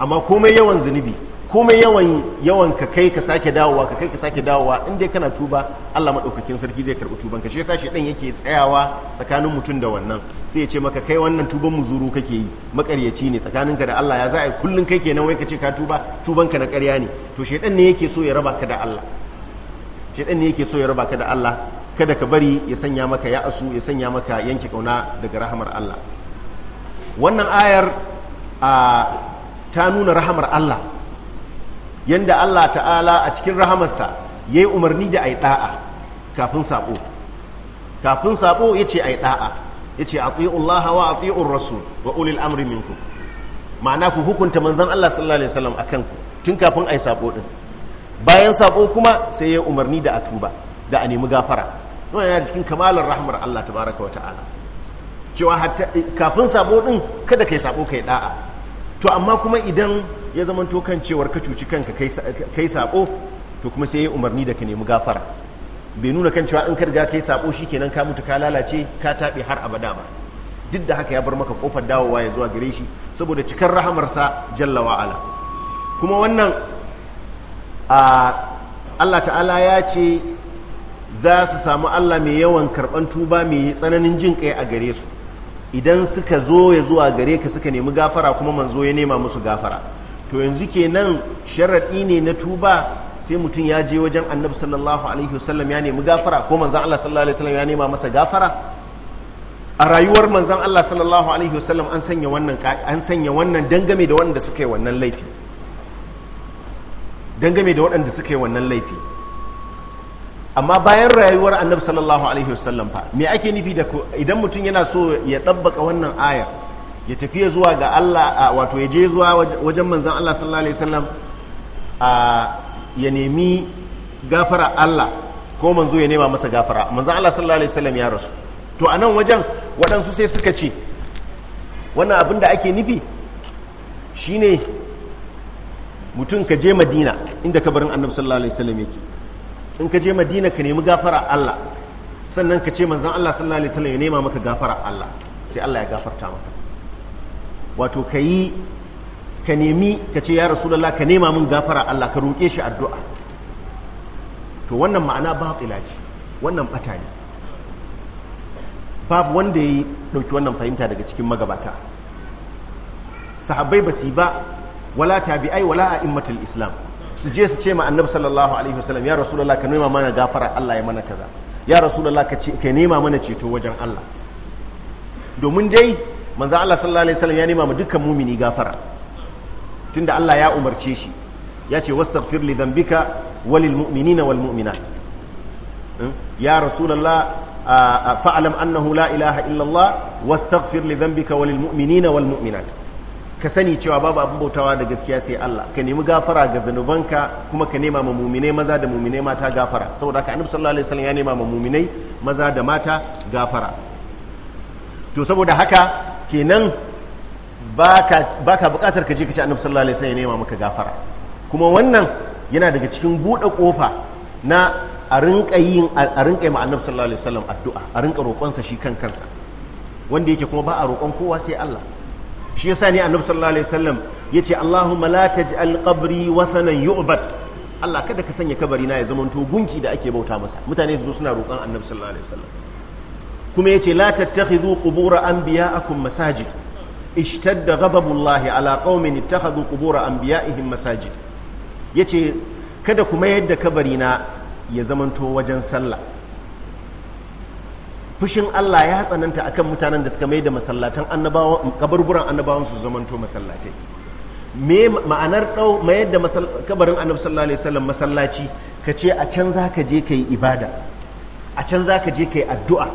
amma komai yawan zunubi komai yawan yawan ka kai ka sake dawowa ka kai ka sake dawowa in dai kana tuba Allah madaukakin sarki zai karɓi tubanka shi yasa shedan yake tsayawa tsakanin mutum da wannan sai ya ce maka kai wannan tuban muzuru kake yi makaryaci ne tsakaninka da Allah ya za a yi kullun kai kenan wai ka ce ka tuba tubanka na ƙarya ne to shedan ne yake so ya raba ka da Allah shedan ne yake so ya raba ka da Allah kada ka bari ya sanya maka asu ya sanya maka yanke kauna daga rahamar Allah wannan ayar ta nuna rahamar Allah yadda Allah ta'ala a cikin rahamarsa ya yi umarni da a ɗa'a kafin saɓo kafin saɓo ya ce a ɗa'a ya ce a Allah wa a tsi'un rasu wa ulil amri minku ma'ana ku hukunta manzan Allah sallallahu alaihi wasallam a kanku tun kafin a yi saɓo ɗin bayan saɓo kuma sai ya yi umarni da a tuba da a nemi gafara yana cikin kamalar rahamar Allah tabaraka wa ta'ala cewa eh, kafin sabo ɗin kada kai sabo kai ɗa'a, to amma kuma idan ya zama to kan cewar ka cuci kanka kai sabo to kuma sai ya umarni da ka nemi gafara bai nuna kan cewa in ka riga kai sabo shikenan ka mutu ka lalace ka taɓe har abada ba duk da haka ya bar maka kofar dawowa ya zuwa gare shi saboda cikar rahamarsa jalla wa'ala kuma wannan Allah ta'ala ya ce za su samu Allah mai yawan karɓan tuba mai tsananin jin kai a gare su idan suka zo ya zuwa gare ka suka nemi gafara kuma manzo ya nema musu gafara to yanzu kenan sharaɗi ne na tuba sai mutum ya je wajen annabi sallallahu alaihi wasallam ya nemi gafara ko manzon Allah sallallahu alaihi wasallam ya nema masa gafara a rayuwar manzon Allah sallallahu alaihi wasallam an sanya wannan an sanya wannan dangame da wanda suka yi wannan laifi dangame da waɗanda suka yi wannan laifi amma bayan rayuwar annabi sallallahu alaihi wasallam fa me ake nufi da idan mutum yana so ya ɗabbaka wannan ayar ya tafiya zuwa ga Allah wato ya je zuwa wajen manzon Allah sallallahu alaihi wasallam ya nemi gafara Allah ko manzo ya nema masa gafara manzon Allah sallallahu alaihi wasallam ya rasu to a nan wajen waɗansu sai suka ce wannan abin da ake nufi shine mutum ka je madina inda kabarin annabi sallallahu alaihi wasallam yake in ka je madina ka nemi gafara Allah sannan ka ce manzan Allah sallallahu alaihi wasallam ya nema maka gafara Allah sai Allah ya gafarta maka wato ka yi ka nemi ka ce ya rasulullah ka nema min gafara Allah ka roƙe shi addu'a to wannan ma'ana batila ce wannan bata ne babu wanda ya ɗauki wannan fahimta daga cikin magabata sahabbai ba su ba wala tabi'ai wala a'immatul islam su je su ce ma annabi sallallahu alaihi wasallam ya rasulullah ka nema mana gafara Allah ya mana kaza ya rasulullah ka ce ka nema mana ceto wajen Allah domin dai manzo Allah sallallahu alaihi wasallam ya nema ma dukkan mumini gafara tunda Allah ya umarce shi ya ce wastaghfir li dhanbika walil mu'minina wal mu'minat hmm? ya rasulullah fa'lam annahu la ilaha illallah wastaghfir li dhanbika walil mu'minina wal mu'minat ka sani cewa babu abin bautawa da gaskiya sai Allah ka nemi gafara ga zanubanka kuma ka nema ma mumine maza da muminai mata gafara saboda haka annabi sallallahu alaihi wasallam ya nema ma mumine maza da mata gafara to saboda haka kenan baka baka bukatar ka je ka ci annabi sallallahu alaihi wasallam ya nema maka gafara kuma wannan yana daga cikin bude kofa na a rinka yin a rinka ma annabi sallallahu alaihi wasallam addu'a a rinka roƙonsa shi kan kansa wanda yake kuma ba a roƙon kowa sai Allah shi yasa ne annabi sallallahu alaihi wasallam yace Allahumma la taj'al qabri wathanan yu'bad Allah kada ka sanya kabari na ya zamanto gunki da ake bauta masa mutane su zo suna roƙon annabi sallallahu alaihi wasallam kuma yace la tattakhidhu qubura anbiya'akum masajid ishtadda ghadabullahi ala qaumin ittakhadhu qubura anbiya'ihim masajid yace kada kuma yadda kabari na ya zamanto wajen sallah fushin Allah ya tsananta akan mutanen da suka mai da masallatan annabawa kaburburan annabawan su zamanto masallatai me ma'anar dau mayar da kabarin annabi sallallahu alaihi wasallam masallaci ka ce a can zaka je kai ibada a can zaka je kai addu'a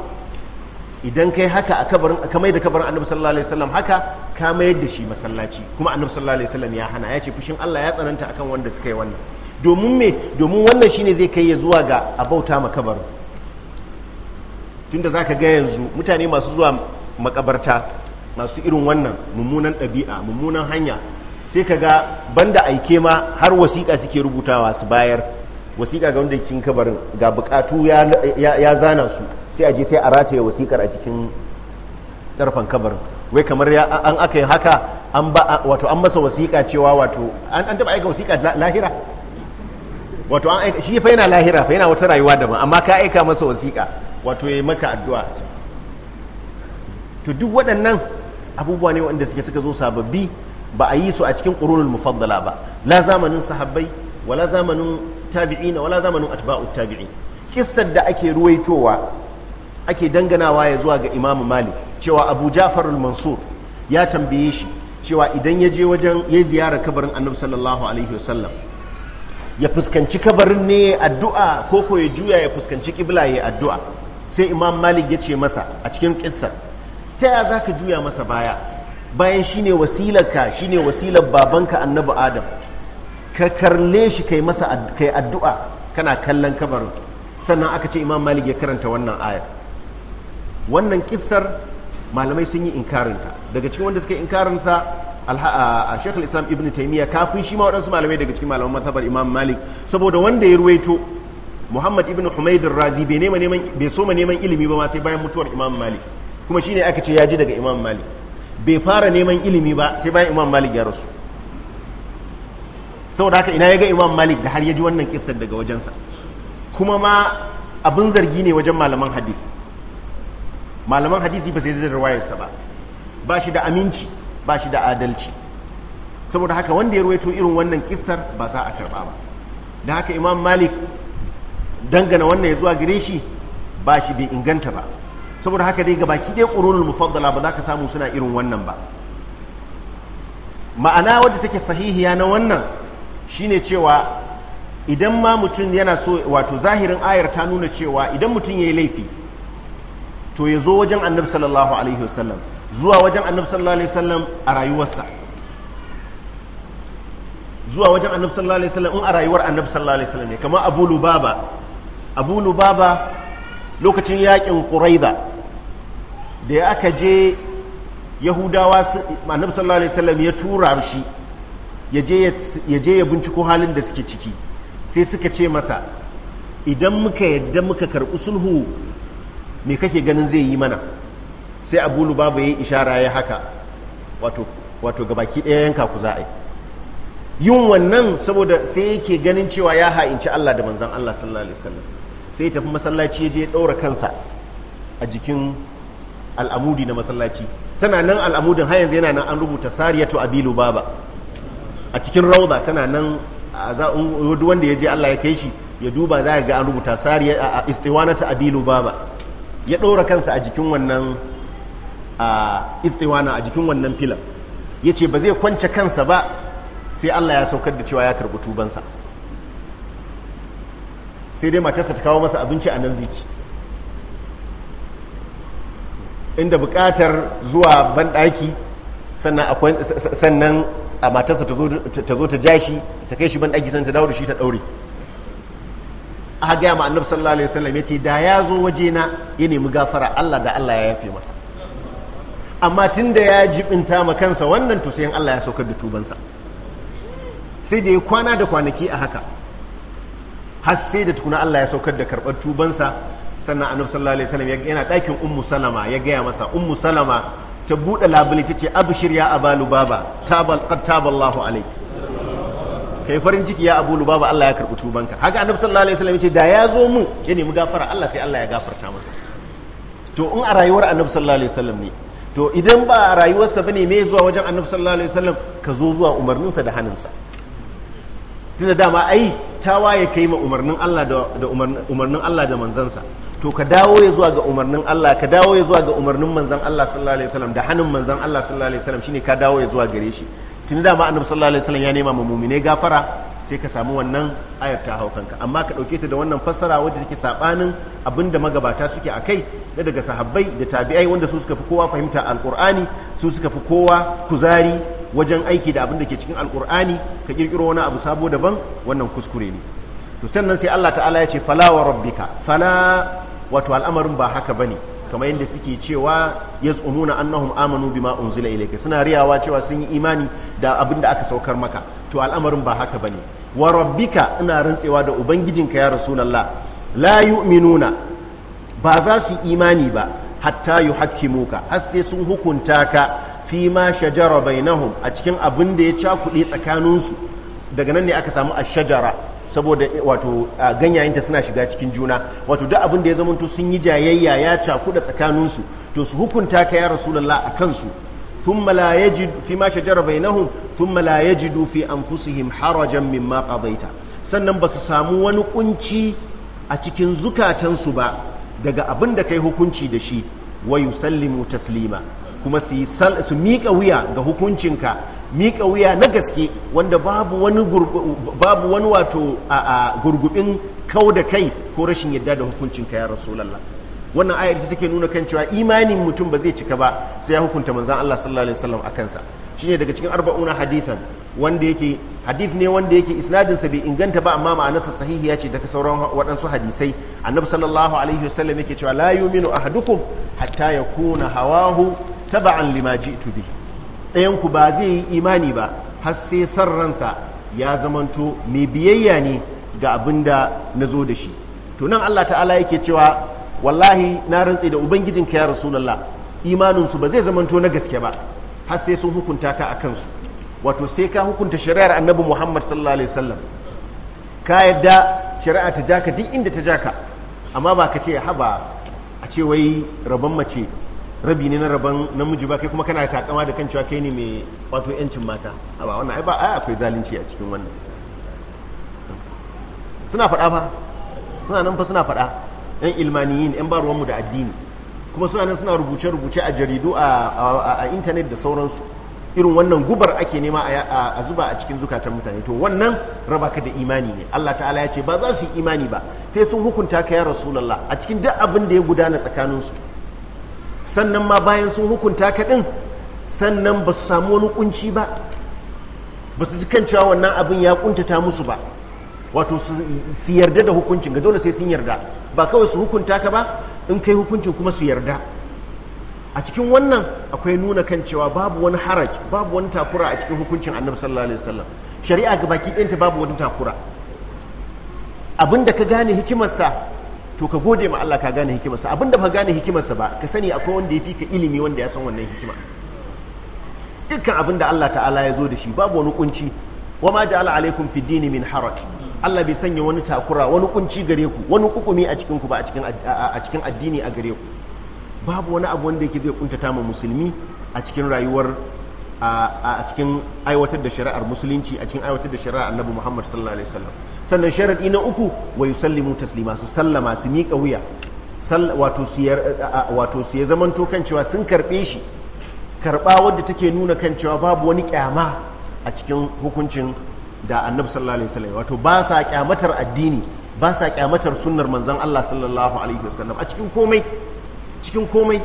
idan kai haka a kabarin ka mai da kabarin annabi sallallahu alaihi wasallam haka ka mayar da shi masallaci kuma annabi sallallahu alaihi wasallam ya hana ya ce fushin Allah ya tsananta akan wanda suka yi wannan domin me domin wannan shine zai kai ya zuwa ga abauta ma kabarin tunda za ka ga yanzu mutane masu zuwa makabarta masu irin wannan mummunan ɗabi'a mummunan hanya sai ka ga banda aike ma har wasiƙa suke rubutawa su bayar wasiƙa ga wanda cikin kabarin ga buƙatu ya zana su sai a je sai a rataye wasiƙar a jikin ƙarfen kabarin wai kamar an aka yi haka an ba wato an masa wasiƙa cewa wato an taɓa aika wasiƙa lahira wato an aika shi fa yana lahira fa yana wata rayuwa daban amma ka aika masa wasiƙa wato ya yi maka addu'a to duk waɗannan abubuwa ne waɗanda suke suka zo sababbi ba a yi su a cikin ƙurunul mufaddala ba la zamanin sahabbai wala zamanin tabi'i tabi'ina wala zamanin atba'u tabii kissar da ake ruwaitowa ake danganawa ya zuwa ga imamu malik cewa abu ja'far mansur ya tambaye shi cewa idan ya je wajen ya ziyara kabarin annabi sallallahu alaihi wasallam ya fuskanci kabarin ne addu'a ko ko ya juya ya fuskanci kibla ya addu'a sai imam malik ya ce masa a cikin kisar ta ya za ka juya masa baya bayan shine wasilarka shine wasilar babanka annabi adam ka karle shi kai masa kai addu'a kana kallon kabarin sannan aka ce imam malik ya karanta wannan ayar wannan kisar malamai sun yi inkarinta daga cikin wanda suka yi inkarinsa a shekul islam ibn taimiyya kafin shi ma waɗansu malamai daga cikin malaman mazhabar imam malik saboda wanda ya ruwaito muhammad ibn humaid razi bai nema neman soma neman ilimi ba ma sai bayan mutuwar imam malik kuma shine aka ce ya ji daga imam malik bai fara neman ilimi ba sai bayan imam malik ya rasu saboda haka ina ya ga imam malik da har ya ji wannan kissar daga wajensa kuma ma abin zargi ne wajen malaman hadisi malaman hadisi ba sai da riwayarsa ba ba shi da aminci ba shi da adalci saboda haka wanda ya ruwaito irin wannan kissar ba za a karba ba da haka imam malik dangana wannan ya zuwa gare shi ba shi bai inganta ba saboda haka dai baki ɗaya ƙurunul mufaddala ba za ka samu suna irin wannan ba ma'ana wadda take sahihiya na wannan shine cewa idan ma mutum yana so wato zahirin ayar ta nuna cewa idan mutum ya yi laifi to ya zo wajen annabi sallallahu alaihi wasallam zuwa wajen annabi sallallahu alaihi wasallam a rayuwarsa zuwa wajen annabi sallallahu alaihi wasallam in a rayuwar annabi sallallahu alaihi wasallam ne kamar abu lubaba abu lubaba lokacin yakin ƙuraiza da aka je yahudawa annabi sallallahu alaihi wasallam ya tura shi ya je ya binciko halin da suke ciki sai suka ce masa idan muka yadda muka karɓi sulhu me kake ganin zai yi mana sai abu lubaba ya yi ishara ya haka wato gabaki ɗaya yanka ku za a yi yin wannan saboda sai yake ganin cewa ya ha'inci Allah da manzan Allah sallallahu alaihi wasallam sai tafi masallaci ya je ya ɗaura kansa a jikin al'amudi na masallaci tana nan al'amudin har yanzu yana nan an rubuta sariyatu abilu baba a cikin rauda tana nan duk wanda ya je Allah ya kai shi ya duba za ga an rubuta sariya istiwanatu abilu baba ya ɗora kansa a jikin wannan istiwana a jikin wannan filan ya ce ba zai kwance kansa ba sai Allah ya saukar da cewa ya karɓi tubansa sai dai matarsa ta kawo masa abinci a nan zai ci inda bukatar zuwa banɗaki sannan a matarsa ta zo ta jashi ta kai shi banɗaki sannan ta dawo da shi ta ɗaure a gaya ma annabi sallallahu alaihi wasallam yace da ya zo waje na ya nemi gafara Allah da Allah ya yafe masa amma tunda ya jibinta ma kansa wannan to sai Allah ya saukar da tubansa sai da ya kwana da kwanaki a haka har sai da tukuna Allah ya saukar da karɓar tubansa sannan annabi sallallahu alaihi wasallam yana ɗakin ummu salama ya gaya masa ummu salama ta buɗe labule ta ce abshir ya abalu baba tabal qad taballahu alayk kai farin ciki ya abu lubaba Allah ya karɓi tubanka haka annabi sallallahu alaihi wasallam ya ce da ya zo mu ya nemi gafara Allah sai Allah ya gafarta masa to in a rayuwar annabi sallallahu alaihi wasallam ne to idan ba a rayuwarsa bane me zuwa wajen annabi sallallahu alaihi wasallam ka zo zuwa umarninsa da hannunsa Tun da dama ai waye kai ma umarnin Allah da umarnin Allah da manzansa to ka dawo ya zuwa ga umarnin Allah ka dawo ya zuwa ga umarnin manzan Allah sallallahu alaihi wasallam da hannun manzan Allah sallallahu alaihi wasallam shine ka dawo ya zuwa gare shi Tun da dama annabi sallallahu alaihi wasallam ya nema ma mu'mine gafara sai ka samu wannan ayar ta hau kanka amma ka ɗauke ta da wannan fassara wadda take saɓanin abin da magabata suke a kai daga sahabbai da tabi'ai wanda su suka fi kowa fahimta alƙur'ani su suka fi kowa kuzari wajen aiki da abin da ke cikin alkur'ani ka kirkiro wani abu sabo daban wannan kuskure ne to sannan sai Allah ta'ala ya ce fala wa rabbika fala wato al'amarin ba haka bane kamar yadda suke cewa yaz'umuna annahum amanu bima unzila ilayka suna riyawa cewa sun yi imani da abin da aka saukar maka to al'amarin ba haka bane wa rabbika ina rantsewa da ubangijinka ya rasulullah la yu'minuna ba za su imani ba hatta yuhakkimuka har sai sun hukunta ka fi ma shajara bainahum a cikin abin da ya cakuɗe tsakaninsu daga nan ne aka samu a shajara saboda wato ta suna shiga cikin juna wato duk abin da ya zamanto sun yi jayayya ya cakuɗa tsakaninsu to su hukunta ka ya rasulullah a kansu ثم لا يجد فيما شجر بينهم ثم لا يجدوا في انفسهم حرجا مما قضيت sannan ba su samu wani kunci a cikin zukatansu ba daga abin da kai hukunci da shi wa yusallimu taslima kuma su miƙa wuya ga hukuncinka miƙa wuya na gaske wanda babu wani babu wani wato a gurgubin kau da kai ko rashin yadda da hukuncinka ya rasulallah wannan ayar ita take nuna kan cewa imanin mutum ba zai cika ba sai ya hukunta manzan Allah sallallahu alaihi wasallam akan shine daga cikin arba'una hadithan wanda yake hadith ne wanda yake isnadin sa bai inganta ba amma ma'anarsa sahihi ce daga sauran waɗansu hadisai annabi sallallahu alaihi wasallam yake cewa la yu'minu ahadukum hatta yakuna hawahu taba'an lima ji'tu bi ɗayan ba zai yi imani ba har sai san ransa ya zamanto mai biyayya ne ga abin da na zo da shi to nan Allah ta'ala yake cewa wallahi na rantse da ubangijinka ya rasulullah imaninsu ba zai zamanto na gaske ba har sai sun hukunta ka a kansu wato sai ka hukunta shari'ar annabi muhammad sallallahu alaihi wasallam ka yadda shari'a ta jaka duk inda ta jaka amma ba ka ce haba a ce wai rabon mace rabi ne na rabon namiji ba kai kuma kana takama da kan cewa kai ne mai wato yancin mata a ba wannan ai ba akwai zalunci a cikin wannan suna faɗa fa suna nan fa suna faɗa yan ilmaniyin yan baruwanmu da addini kuma suna nan suna rubuce rubuce a jaridu a intanet da sauransu irin wannan gubar ake nema a zuba a cikin zukatan mutane to wannan raba ka da imani ne Allah ta'ala ya ce ba za su yi imani ba sai sun hukunta ka ya rasulullah a cikin duk abin da ya gudana tsakaninsu sannan ma bayan sun hukunta ka ɗin sannan ba su samu wani kunci ba ba su ji kan cewa wannan abin ya kuntata musu ba wato su yarda da hukuncin ga dole sai sun yarda ba kawai su hukunta ka ba in kai hukuncin kuma su yarda a cikin wannan akwai nuna kan cewa babu wani haraj babu wani takura a cikin hukuncin annabi sallallahu alaihi wasallam shari'a ga baki ɗinta babu wani takura abin da ka gane hikimarsa to ka gode ma Allah ka gane hikimarsa da ba gane hikimarsa ba ka sani akwai wanda ya fi ka ilimi wanda ya san wannan hikima dukkan abin da Allah ta'ala ya zo da shi babu wani kunci wa ma ja'ala alaikum fi dini min haraj Allah bai sanya wani takura wani kunci gare ku wani kukumi a cikin ku ba a cikin addini a gare ku babu wani abu wanda yake zai kuntata ma musulmi a cikin rayuwar a cikin aiwatar da shari'ar musulunci a cikin aiwatar da shari'ar annabi Muhammad sallallahu alaihi wasallam sannan sharaɗi na uku wa yusallimu taslima su sallama su miƙa wuya wato su ya zamanto kan cewa sun karɓe shi karɓa wadda take nuna kan cewa babu wani ƙyama a cikin hukuncin da annabi sallallahu alaihi wasallam wato ba sa ƙyamatar addini ba sa ƙyamatar sunnar manzon Allah sallallahu alaihi wasallam a cikin komai cikin komai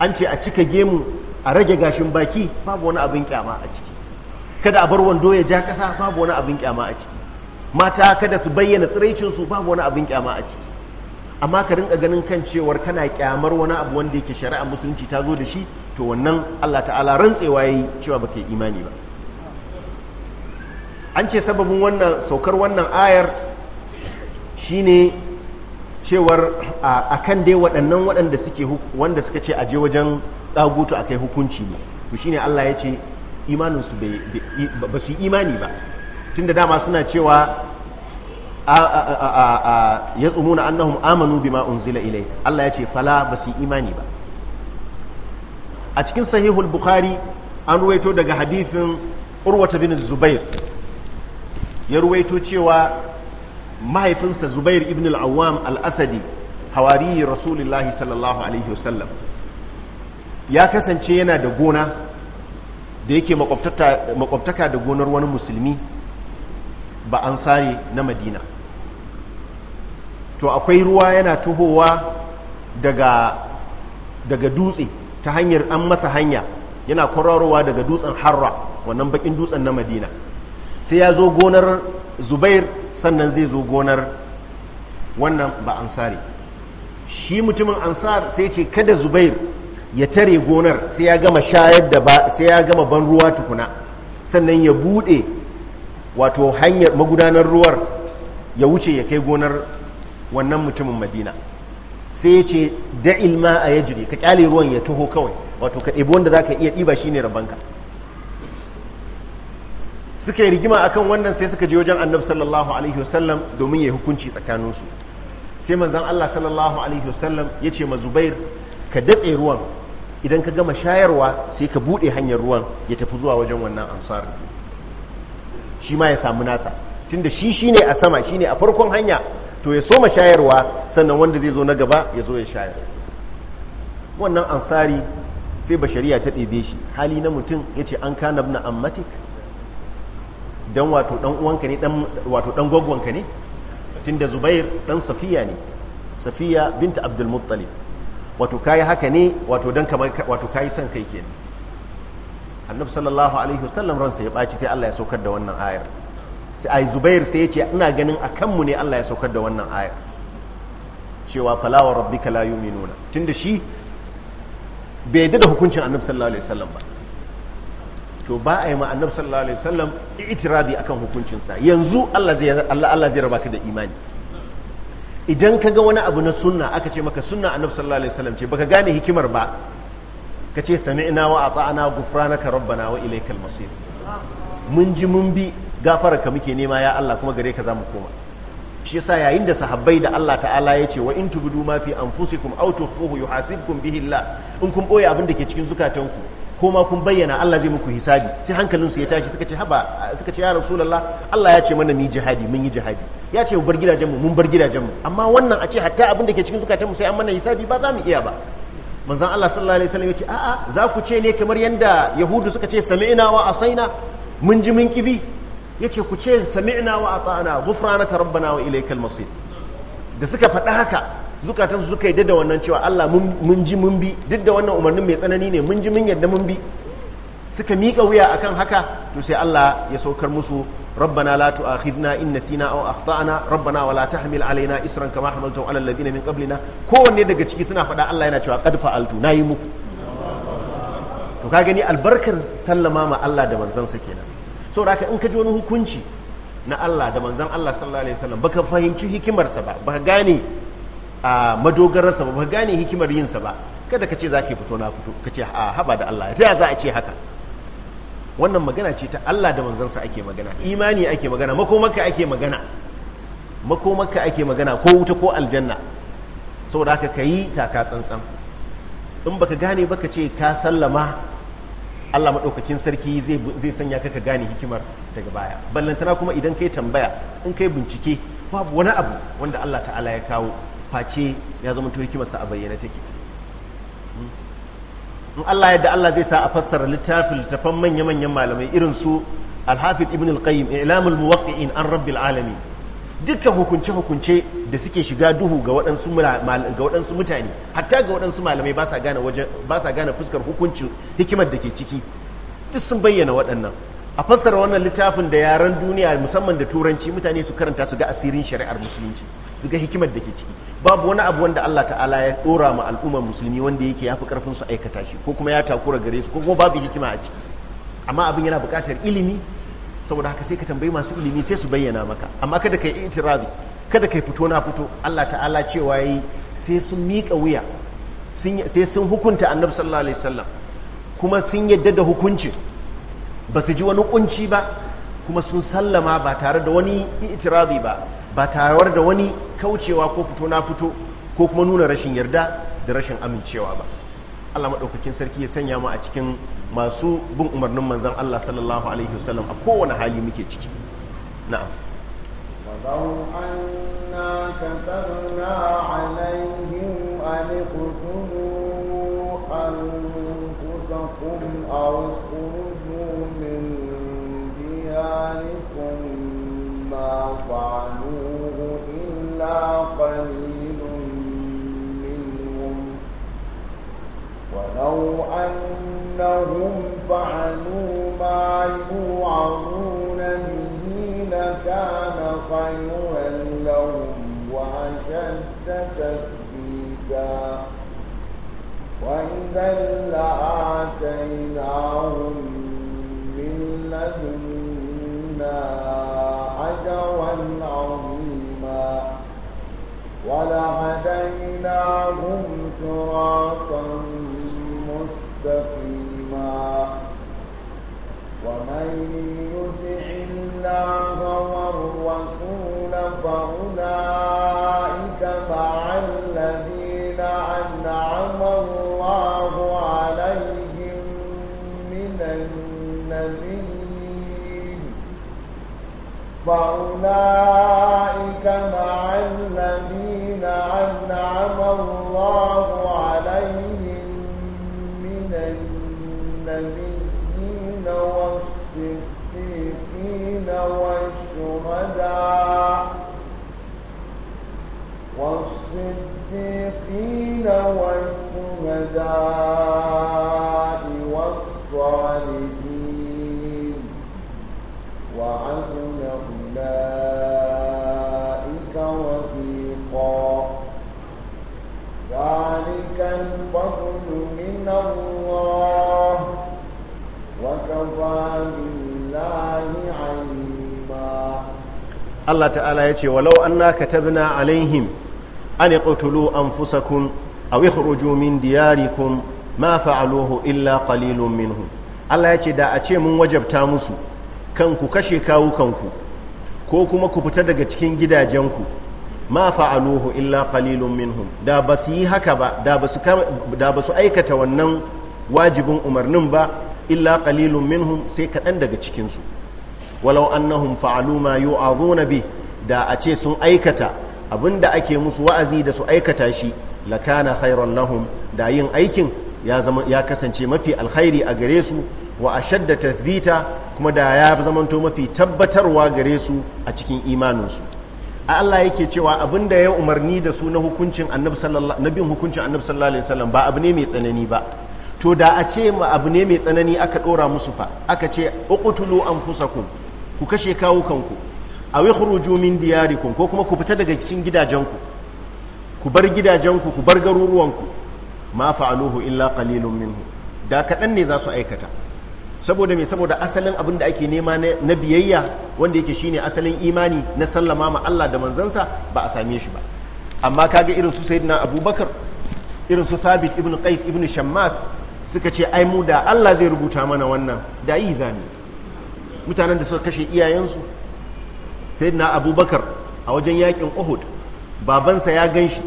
an ce a cika gemu a rage gashin baki babu wani abin ƙyama a ciki kada a bar wando ya ja ƙasa babu wani abin ƙyama a ciki mata kada su bayyana tsiraicinsu babu wani abin kyama a ciki amma ka rinka ganin kan cewar kana kyamar wani abu wanda yake shari'a musulunci ta zo da shi to wannan Allah ta'ala rantsewa yayi cewa baka yi imani ba an ce sababin wannan saukar wannan ayar shine cewar a kan dai waɗannan waɗanda suke wanda suka ce aje wajen ɗagutu akai hukunci ne to shine Allah ya ce imaninsu ba su yi imani ba tunda dama suna cewa ya tsumuna annahum amanu bima unzila ilai Allah ya ce fala ba su imani ba a cikin sahihul bukhari an ruwaito daga hadithin urwata bin zubair ya ruwaito cewa mahaifinsa zubair ibn al-awwam al-asadi hawariyi rasulullahi sallallahu alaihi wasallam ya kasance yana da gona da yake makwabtaka da gonar wani musulmi ba sare na madina to akwai ruwa yana tuhowa daga daga dutse ta hanyar an masa hanya yana kwararowa daga dutsen harra wannan bakin dutsen na madina sai ya zo gonar zubair sannan zai zo gonar wannan ba sare shi mutumin ansar sai ce kada zubair ya tare gonar sai ya gama shayar da ba sai ya gama ban ruwa tukuna sannan ya bude wato hanyar magudanar ruwar ya wuce ya kai gonar wannan mutumin madina sai ya ce da'il ma a yajiri ka kyale ruwan ya taho kawai wato ka ɗabi wanda za ka iya ɗiba ne rabanka suka yi rigima a kan wannan sai suka je wajen annabi sallallahu alaihi wasallam domin ya yi hukunci tsakaninsu sai manzan Allah sallallahu alaihi wasallam ya ce ma Zubair ka datse ruwan idan ka gama shayarwa sai ka buɗe hanyar ruwan ya tafi zuwa wajen wannan ansar shi ma ya samu nasa tunda shi shine a sama shine a farkon hanya to ya soma shayarwa sannan wanda zai zo na gaba ya zo ya shayar wannan ansari sai ba shari'a ta ɗebe shi hali na mutum ya ce an kana na ammatik don wato ɗan uwanka ne wato ɗan gwagwanka ne tunda zubair ɗan safiya ne safiya binta abdulmuttalib wato kayi haka ne wato don kamar wato kayi son kai kenan annabi sallallahu alaihi wasallam ransa ya baci sai Allah ya saukar da wannan ayar sai ai zubair sai ya ce ina ganin a kanmu ne Allah ya saukar da wannan ayar cewa falawa rabbika la yu'minuna tunda shi bai yadda da hukuncin annabi sallallahu alaihi wasallam ba to ba a yi ma annabi sallallahu alaihi wasallam itiradi akan hukuncinsa yanzu Allah zai Allah Allah zai raba ka da imani idan ka ga wani abu na sunna aka ce maka sunna annabi sallallahu alaihi wasallam ce baka gane hikimar ba ka ce sami'na wa gufrana rabba rabbana wa ilai kalmasir mun ji mun bi gafara ka muke nema ya Allah kuma gare ka za mu koma shi yasa yayin da sahabbai da Allah ta'ala ya ce wa in tubudu ma fi anfusikum aw tukhfuhu yuhasibkum bihi Allah in kun boye abin da ke cikin zukatanku ko ma kun bayyana Allah zai muku hisabi sai hankalin su ya tashi suka ce haba suka ce ya rasulullah Allah ya ce mana mu jihadi mun yi jihadi ya ce bar gidajen mu mun bar gidajen mu amma wannan a ce hatta abin da ke cikin zukatan mu sai an mana hisabi ba za mu iya ba manzon Allah sallallahu alaihi wasallam ya ce a'a za ku ce ne kamar yadda yahudu suka ce sami'na wa asaina mun ji mun kibi yace ku ce sami'na wa gufrana ghufranaka rabbana wa ilaykal masir da suka faɗa haka zukatan su suka yi da wannan cewa Allah mun ji mun bi duk da wannan umarnin mai tsanani ne mun ji mun yadda mun bi suka miƙa wuya akan haka to sai Allah ya saukar musu ربنا لا تؤاخذنا إن نسينا أو أخطأنا ربنا ولا تحمل علينا إسرا كما حملته على الذين من قبلنا كون يدق تشكيسنا فدا الله ينا cewa قد فعلت نايمك to ka gani albarkar sallama ma Allah da manzon sa kenan saboda in ka ji wani hukunci na Allah da manzon Allah sallallahu alaihi wasallam fahimci hikimarsa ba baka gane a madogarar sa ba baka gane hikimar yin sa ba kada ka ce zaka fito na fito ka ce a da Allah ta za a ce haka wannan magana ce ta Allah da manzansa ake magana imani ake magana makomaka ake magana makomaka ake magana ko wuta ko aljanna saboda haka ka yi taka tsantsan in baka gane ba ka ce ka sallama Allah maɗaukakin sarki zai sanya ka ka gane hikimar daga baya ballantana kuma idan kai tambaya in kai bincike babu wani abu wanda Allah ta'ala ya kawo face ya zama to hikimarsa a bayyana take in Allah yadda Allah zai sa a fassara littafin littafan manya-manyan malamai irin su alhafiz ibn al-qayyim ilamul muwaqqi'in an rabbil alamin dukkan hukunce-hukunce da suke shiga duhu ga waɗansu ga waɗansu mutane hatta ga waɗansu malamai ba sa gane waje ba sa gane fuskar hukuncin hikimar da ke ciki duk sun bayyana waɗannan a fassara wannan littafin da yaran duniya musamman da turanci mutane su karanta su ga asirin shari'ar musulunci su ga hikimar da ke ciki babu wani abu wanda Allah ta'ala ya dora ma al'ummar musulmi wanda yake yafi karfin su aikata shi ko kuma ya takura gare su ko kuma babu hikima a ciki amma abin yana buƙatar ilimi saboda haka sai ka tambayi masu ilimi sai su bayyana maka amma kada ka yi itirabi kada ka fito na fito Allah ta'ala cewa yi sai sun miƙa wuya sai sun hukunta annabi sallallahu alaihi wasallam kuma sun yadda da hukunci ba su ji wani kunci ba kuma sun sallama ba tare da wani itirabi ba ba tawar da wani kaucewa ko fito na fito ko kuma nuna rashin yarda da rashin amincewa ba Allah maɗaukakin sarki ya sanya mu a cikin masu bin umarnin manzan Allah sallallahu alaihi wasallam a kowane hali muke ciki na'am ولو أنا مَا فعلوه إلا قليل منهم ولو أنهم فعلوا ما يوعظون به لكان خيرا لهم وأشد تثبيتا وإذا لآتيناهم من لدن أجرا عظيما ولهديناهم صراطا مستقيما ومن يطع الله والرسول فأولئك مع الذين أنعم الله عليهم من النبي فأولئك مع الذين أنعم الله عليهم من النبيين والصديقين والشهداء والصديقين والشهداء والصالحين وعزم أُولَٰئِكَ رَفِيقًا ۚ ذَٰلِكَ الْفَضْلُ مِنَ اللَّهِ ۚ وَكَفَىٰ بِاللَّهِ عَلِيمًا Allah ta'ala ya ce, Walau an na ka alaihim, an yi ƙutulu an fusakun, a wikin rujo min diyari kun ma fa’aluhu illa ƙalilun minhu. Allah ya ce, Da a ce mun wajabta musu, kanku kashe kawukanku, ko kuma ku fita daga cikin gidajenku ma fa'aluhu illa qalilun minhum da ba su yi haka ba da ba su aikata wannan wajibin umarnin ba illa qalilun minhum sai kaɗan daga cikinsu walau annahum fa'alu ma yu'azuna bi da a ce sun aikata abin da ake musu wa'azi da su aikata shi lakana khairan lahum da yin aikin ya kasance mafi alkhairi a gare su wa a shadda tathbita kuma da ya zamanto mafi tabbatarwa gare su a cikin imaninsu Allah yake cewa abin da ya umarni da su na hukuncin annabi sallallahu na bin hukuncin annabi sallallahu alaihi wasallam ba abu ne mai tsanani ba to da a ce ma abu ne mai tsanani aka dora musu fa aka ce uqtulu anfusakum ku kashe kawo kanku aw ikhruju min diyarikum ko kuma ku fita daga cikin gidajenku ku bar gidajenku ku bar garuruwanku ma fa'aluhu illa qalilun minhu da kaɗan ne za su aikata saboda mai saboda asalin abin da ake nema na biyayya wanda yake shine asalin imani na sallama ma Allah da manzansa ba a same shi ba amma kaga irin su sayyidina abubakar irin su thabit ibn qais ibn shammas suka ce ai mu da Allah zai rubuta mana wannan da yi zani mutanen da suka kashe iyayensu sayyidina abubakar a wajen yakin uhud babansa ya gan shi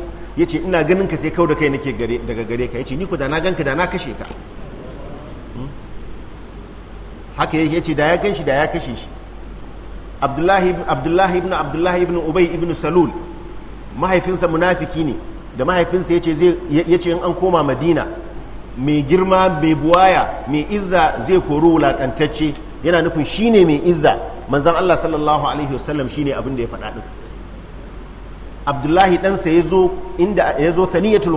ina ganin ka sai kau da kai nake daga gare ka yace ni ku da na ganka da na kashe ka haka yake ce da ya ganshi da ya kashe shi abdullahi ibn abdullahi ibn ubay ibn salul mahaifinsa munafiki ne da mahaifinsa yace zai in an koma madina mai girma mai buwaya mai izza zai koro wulakantacce yana nufin shine mai izza manzon Allah sallallahu alaihi wasallam shine abin da ya faɗa ɗin abdullahi ɗansa ya zo inda ya zo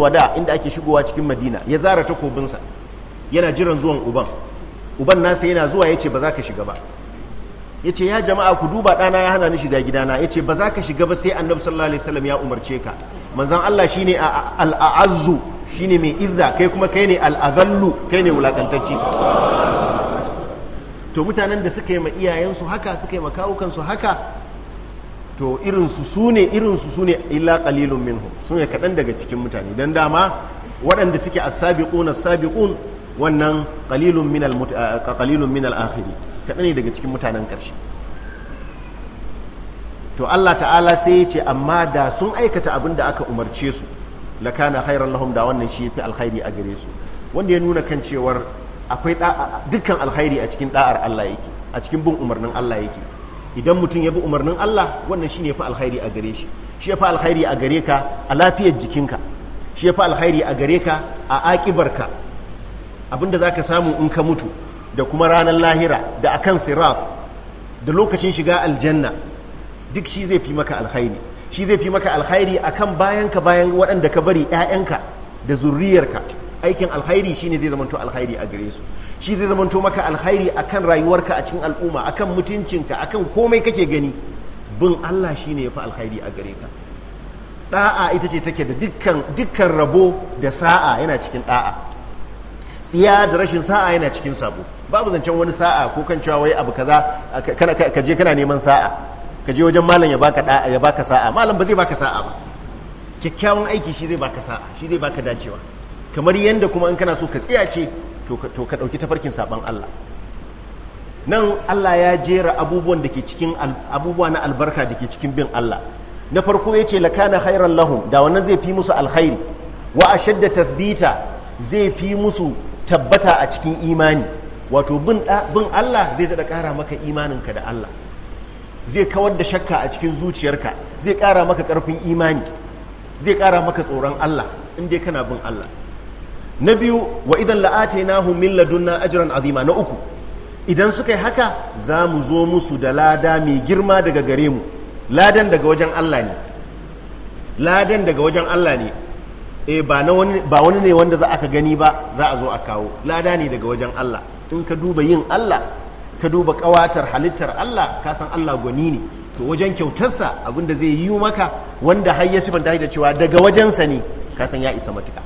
wada inda ake shigowa cikin madina ya zara takobinsa yana jiran zuwan uban uban nasa yana zuwa ya ce ba za ka shiga ba ya ya jama'a ku duba ɗana ya hana ni shiga gidana ya ce ba za ka shiga ba sai annabi sallallahu alaihi ya umarce ka manzan Allah shine al'azzu shine mai izza kai kuma kai ne al'azallu kai ne wulakantacci to mutanen da suka yi ma iyayensu haka suka yi ma kawukansu haka to irinsu su ne irinsu su ne illa qalilun minhum su ne kaɗan daga cikin mutane don dama waɗanda suke a sabiqun as-sabiqun wannan qalilun min al ah, qalilun akhiri ne daga cikin mutanen karshe to Allah ta'ala sai ya ce amma da sun aikata abin da aka umarce su lakana kana khairan lahum da wannan shi fi alkhairi a gare su wanda ya nuna kan cewar akwai dukkan alkhairi a cikin da'ar Allah yake a cikin bin umarnin Allah yake idan mutum ya bi umarnin Allah wannan shi ne fi alkhairi a gare shi shi ya fi alkhairi a gare ka a lafiyar jikinka shi ya fi alkhairi a gare ka a aƙibarka abinda za ka samu in ka mutu da kuma ranar lahira da akan sirat da lokacin shiga aljanna duk shi zai fi maka alkhairi shi zai fi maka alkhairi akan bayan bayan waɗanda ka bari 'ya'yanka da zurriyarka aikin alkhairi shine zai zamanto alkhairi a gare su shi zai zamanto maka alkhairi akan rayuwarka a cikin al'umma akan mutuncinka akan komai kake gani bin Allah shine yafi alkhairi a gare ka da'a ita ce take da dukkan dukkan rabo da sa'a yana cikin da'a tsiya da rashin sa'a yana cikin sabo babu zancen wani sa'a ko kan cewa wai abu kaza ka je kana neman sa'a ka je wajen malam ya baka da ya baka sa'a malam ba zai baka sa'a ba kyakkyawan aiki shi zai baka sa'a shi zai baka dacewa kamar yanda kuma in kana so ka tsiya ce to ka dauki tafarkin saban Allah nan Allah ya jera abubuwan da ke cikin abubuwa na albarka da ke cikin bin Allah na farko ya ce lakana khairan lahum da wannan zai fi musu alkhairi wa ashadda tathbita zai fi musu tabbata a cikin imani wato bin Allah zai daɗa ƙara maka imaninka da Allah zai kawar da shakka a cikin zuciyarka zai ƙara maka ƙarfin imani zai ƙara maka tsoron Allah in dai kana bin Allah na biyu wa idan la'atainahu min na ajran azima na uku idan suka yi haka za mu zo musu da lada mai girma daga gare mu ladan daga wajen Allah ne E ba wani ne wanda za aka gani ba za a zo a kawo lada ne daga wajen Allah in ka duba yin Allah ka duba kawatar halittar Allah ka san Allah gwani ne to wajen kyautarsa abin da zai yi maka wanda har ya sifanta da cewa daga wajensa ne ka san ya isa matuka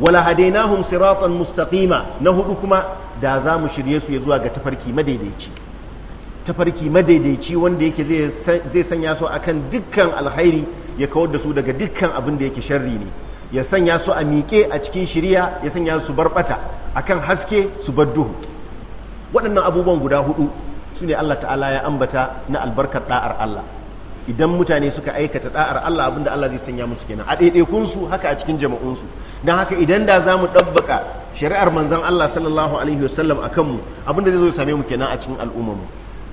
wala hadainahum siratan mustaqima na hudu kuma da za mu shirye su ya zuwa ga tafarki madaidaici tafarki madaidaici wanda yake zai sanya su akan dukkan alhairi ya kawar da su daga dukkan abin da yake sharri ne ya sanya su a miƙe a cikin shirya ya sanya su barbata akan haske su bar duhu waɗannan abubuwan guda hudu su ne Allah ta'ala ya ambata na albarkar da'ar Allah idan mutane suka aikata da'ar Allah da Allah zai sanya musu kenan a ɗaiɗaikun su haka a cikin jama'un su don haka idan da za mu ɗabbaka shari'ar manzan Allah sallallahu alaihi wasallam a kanmu da zai zo same mu kenan a cikin al'ummar mu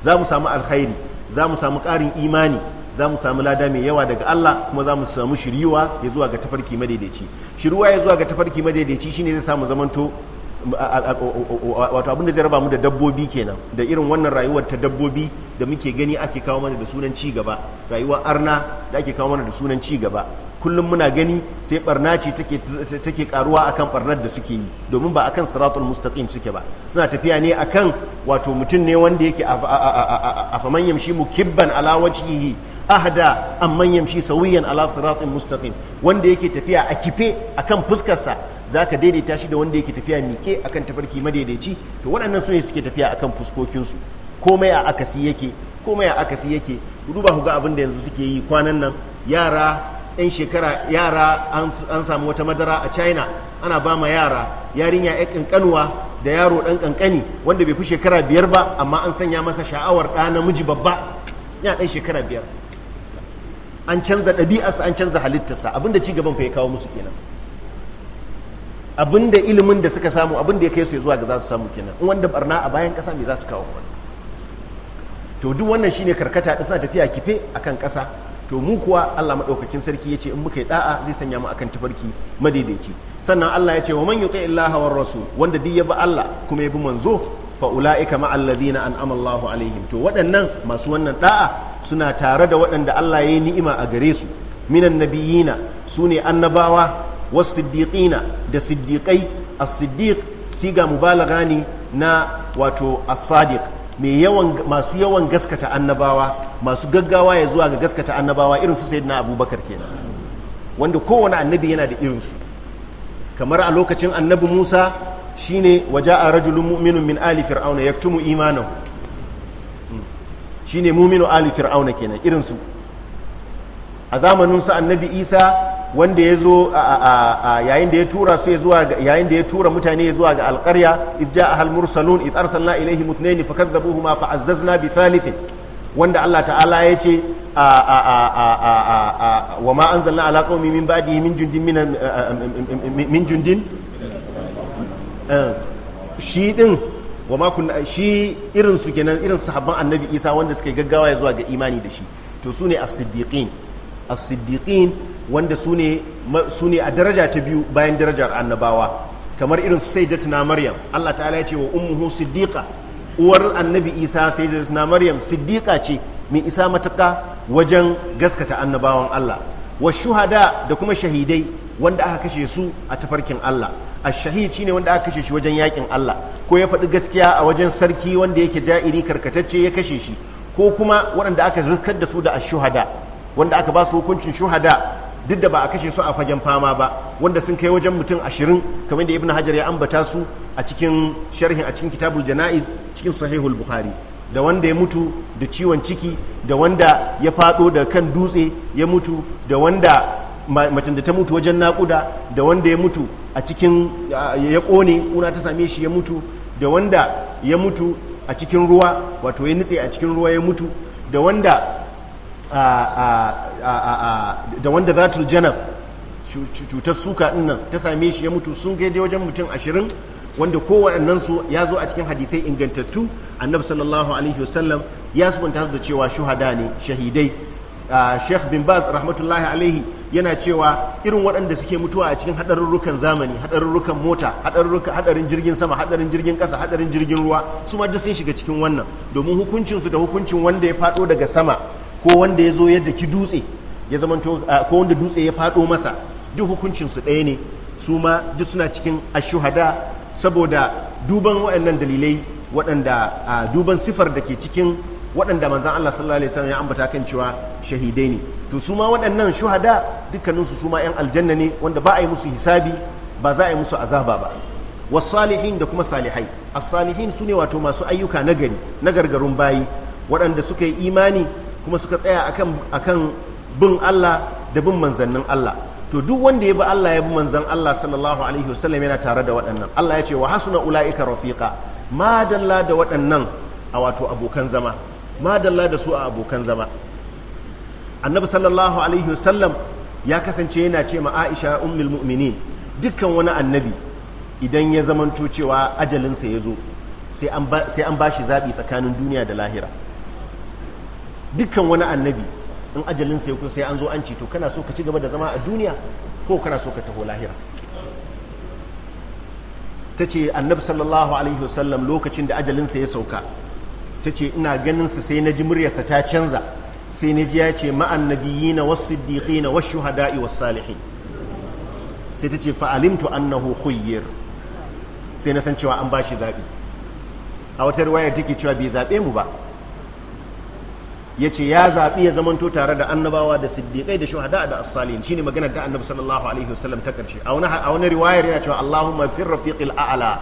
za mu samu alkhairi za mu samu ƙarin imani za mu samu lada mai yawa daga Allah kuma za mu samu shiriwa ya zuwa ga tafarki madaidaici shiriwa ya zuwa ga tafarki madaidaici shine zai samu zamanto wato abinda zai raba mu da dabbobi kenan da irin wannan rayuwar ta dabbobi da muke gani ake kawo mana da sunan ci gaba rayuwar arna da ake kawo mana da sunan ci gaba kullum muna gani sai barna ce take karuwa akan barnar da suke yi domin ba akan siratul mustaqim suke ba suna tafiya ne akan wato mutum ne wanda yake afaman yamshi mukibban ala wajhihi ahda amman yamshi sawiyan ala siratin mustaqim wanda yake tafiya a kife akan fuskarsa zaka daidaita shi da wanda yake tafiya mike akan tafarki madaidaici to waɗannan su ne suke tafiya akan fuskokinsu komai a akasi yake komai a akasi yake duba ku ga abin da yanzu suke yi kwanan nan yara yan shekara yara an samu wata madara a china ana ba ma yara yarinya ya kankanuwa da yaro dan kankani wanda bai fi shekara biyar ba amma an sanya masa sha'awar ɗa namiji babba ya ɗan shekara biyar an canza ɗabi'arsa an canza halittarsa abinda cigaban fa ya kawo musu kenan abinda ilimin da suka samu abinda ya kai su zuwa ga za su samu kenan in wanda barna a bayan ƙasa me za su kawo to duk wannan shine karkata da suna tafiya kife akan ƙasa to mu kuwa Allah madaukakin sarki yace in muka yi da'a zai sanya mu akan tafarki madaidaici sannan Allah ya ce wa man yuqi illaha war rasul wanda duk ya ba Allah kuma ya bi manzo fa ulaika ma alladhina an'ama Allahu alaihim to waɗannan masu wannan da'a suna tare da waɗanda Allah ya yi ni'ima a gare su minan nabiyina su ne annabawa wasu siddiƙina da siddiƙai as-siddiq siga mubalaga ne na wato as-sadiq mai yawan masu yawan gaskata annabawa masu gaggawa ya zuwa ga gaskata annabawa irin su sayyidina abubakar kenan wanda kowane annabi yana da irin su kamar a lokacin annabi musa shine a rajulun mu'minun min ali fir'auna yaktumu imanahu shine muminu ali fir'auna kenan irin su a zamanin su annabi isa wanda ya zo yayin da ya tura su ya zuwa yayin da ya tura mutane ya zuwa ga alƙarya iz ja'a al mursalun iz arsalna ilayhi muthnayn fakadzabuhuma fa'azzazna bi thalithin wanda Allah ta'ala ya ce wa ma anzalna ala qaumi min ba'dihi min jundin eh, eh, eh, shi din wa ma kunna shi irin su kenan irin sahabban annabi isa wanda suka gaggawa zuwa ga imani da shi to su ne as-siddiqin as-siddiqin wanda su ne a daraja ta biyu bayan darajar annabawa kamar irin su sayyidatuna maryam Allah ta'ala ya ce wa ummuhu siddiqa uwar annabi isa sayyidatuna maryam siddiqa ce mai isa matuka wajen gaskata annabawan Allah wa shuhada da kuma shahidai wanda aka kashe su a tafarkin Allah ash-shahid shine wanda aka kashe shi wajen yakin Allah ko ya faɗi gaskiya a wajen sarki wanda yake ja'iri karkatacce ya kashe shi ko kuma waɗanda aka riskar da su da ash-shuhada wanda aka ba su hukuncin shuhada duk da ba a kashe su a fagen fama ba wanda sun kai wajen mutum ashirin kamar da ibnu hajar ya ambata su a cikin sharhin a cikin kitabul jana'iz cikin sahihul bukhari da wanda ya mutu da ciwon ciki da wanda ya fado da kan dutse ya mutu da wanda macin da ta mutu wajen naƙuda da wanda ya mutu a cikin ya ƙone kuna ta same shi ya mutu da wanda ya mutu a cikin ruwa wato ya nutse a cikin ruwa ya mutu da wanda da wanda zatul janab cutar suka din nan ta same shi ya mutu sun kai wajen mutum ashirin wanda kowaɗannan su ya zo a cikin hadisai ingantattu annabi sallallahu alaihi wasallam ya subanta da cewa shuhada ne shahidai sheikh bin baz rahmatullahi alaihi yana cewa irin waɗanda suke mutuwa a cikin haɗarurrukan zamani haɗarurrukan mota haɗarin jirgin sama haɗarin jirgin ƙasa haɗarin jirgin ruwa su ma duk sun shiga cikin wannan domin hukuncinsu da hukuncin wanda ya faɗo daga sama ko wanda ya zo yadda ki dutse ya ko wanda dutse ya faɗo masa duk hukuncinsu ɗaya ne su ma duk suna cikin ashuhada saboda duban waɗannan dalilai waɗanda duban sifar da ke cikin waɗanda manzan Allah sallallahu alaihi wasallam ya ambata kan cewa shahidai ne to su ma waɗannan shuhada dukkaninsu su ma 'yan aljanna ne wanda ba a yi musu hisabi ba za a yi musu azaba ba wasalihin da kuma salihai as-salihin su ne wato masu ayyuka na gari na gargarun bayi waɗanda suka yi imani kuma suka tsaya akan akan bin Allah da bin manzannin Allah to duk wanda ya bi Allah ya bi manzan Allah sallallahu alaihi wasallam yana tare da waɗannan Allah ya ce wa hasuna ulaika rafiqa madalla da waɗannan a wato abokan zama madalla da su a abokan zama annabi sallallahu alaihi wasallam ya kasance yana ce ma aisha ummul mu'minin dukkan wani annabi idan ya zamanto cewa ajalinsa ya zo sai an ba shi zaɓi tsakanin duniya da lahira dukkan wani annabi in ajalinsa ya kusa sai an zo an to kana so ka ci gaba da zama a duniya ko kana so ka taho lahira ta ce annabi sallallahu alaihi wasallam lokacin da ajalinsa ya sauka ta ce ina ganinsa sai na ji muryarsa ta canza sai na ji ya ce ma'an nabiyina was siddiqina was shuhada'i wasu salihin sai ta ce fa'alimtu annahu khuyyir sai na san cewa an bashi zaɓi a wata riwaya take cewa bai zaɓe mu ba ya ce ya zaɓi ya zamanto tare da annabawa da siddiƙai da shuhada da as-salihin shine maganar da annabi sallallahu alaihi wasallam ta karshe a wani a wani riwayar yana cewa Allahumma fir rafiqil a'la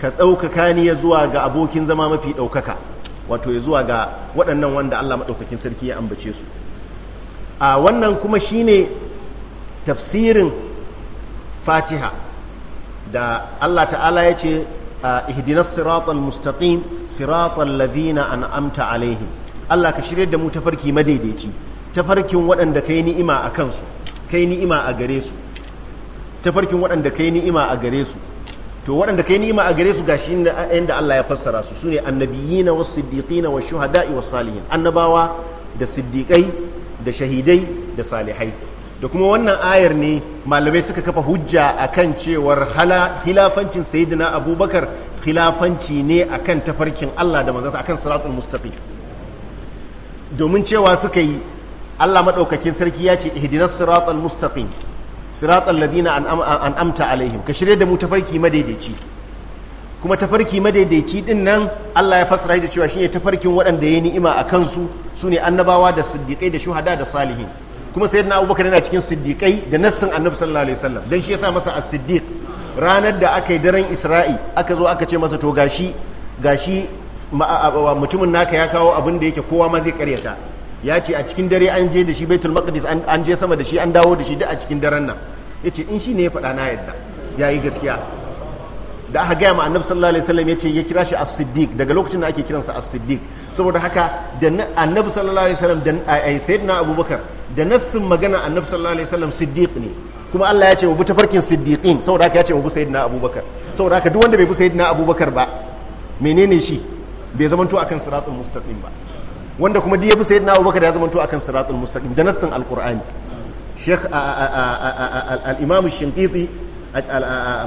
ka ɗaukaka ni ya zuwa ga abokin zama mafi ɗaukaka wato ya zuwa ga waɗannan wanda Allah maɗaukakin sarki ya ambace su a wannan kuma shine tafsirin fatiha da Allah ta'ala ya ce ihdinas siratal mustaqim siratal ladhina an'amta alaihim Allah ka shirye da mu tafarki madaidaici tafarkin waɗanda kai ni'ima a kansu kai ni'ima a gare su tafarkin waɗanda kai ni'ima a gare su to waɗanda kai nima a gare su gashi inda Allah ya fassara su sune annabiyina was siddiqina was shuhada'i was salihin annabawa da siddiqai da shahidai da salihai da kuma wannan ayar ne malamai suka kafa hujja akan cewar hilafancin sayyidina abubakar hilafanci ne akan tafarkin Allah da manzansa akan siratul mustaqim domin cewa suka yi Allah madaukakin sarki ya ce ihdinas siratal mustaqim siratal ladina amta alaihim ka shirye da mu tafarki madaidaici kuma tafarki madaidaici din nan Allah ya fasara da cewa shine tafarkin waɗanda ya ni'ima a kansu su ne annabawa da siddiƙai da shuhada da salihin kuma na Abubakar yana cikin siddiƙai da nassin Annabi sallallahu alaihi wasallam dan shi yasa masa as-siddiq ranar da aka yi daren Isra'i aka zo aka ce masa to gashi gashi mutumin naka ya kawo abin da yake kowa ma zai karyata ya ce a cikin dare an je da shi baitul maqdis an je sama da shi an dawo da shi duk a cikin daren nan ya ce in shi ne ya faɗa na yadda ya yi gaskiya da aka gaya ma annabi sallallahu alaihi wasallam ya ce ya kira shi as-siddiq daga lokacin da ake kiransa as-siddiq saboda haka da annabi sallallahu alaihi wasallam da sayyidina abubakar da nassin magana annabi sallallahu alaihi wasallam siddiq ne kuma Allah ya ce wa bi tafarkin siddiqin saboda haka ya ce wa bi sayyidina abubakar saboda haka duk wanda bai bi sayyidina abubakar ba menene shi bai zamanto akan siratul mustaqim ba wanda kuma duk yabi sayyidina abubakar ya zamanto akan siratul mustaqim da nassin alqur'ani sheikh al-imam shinqiti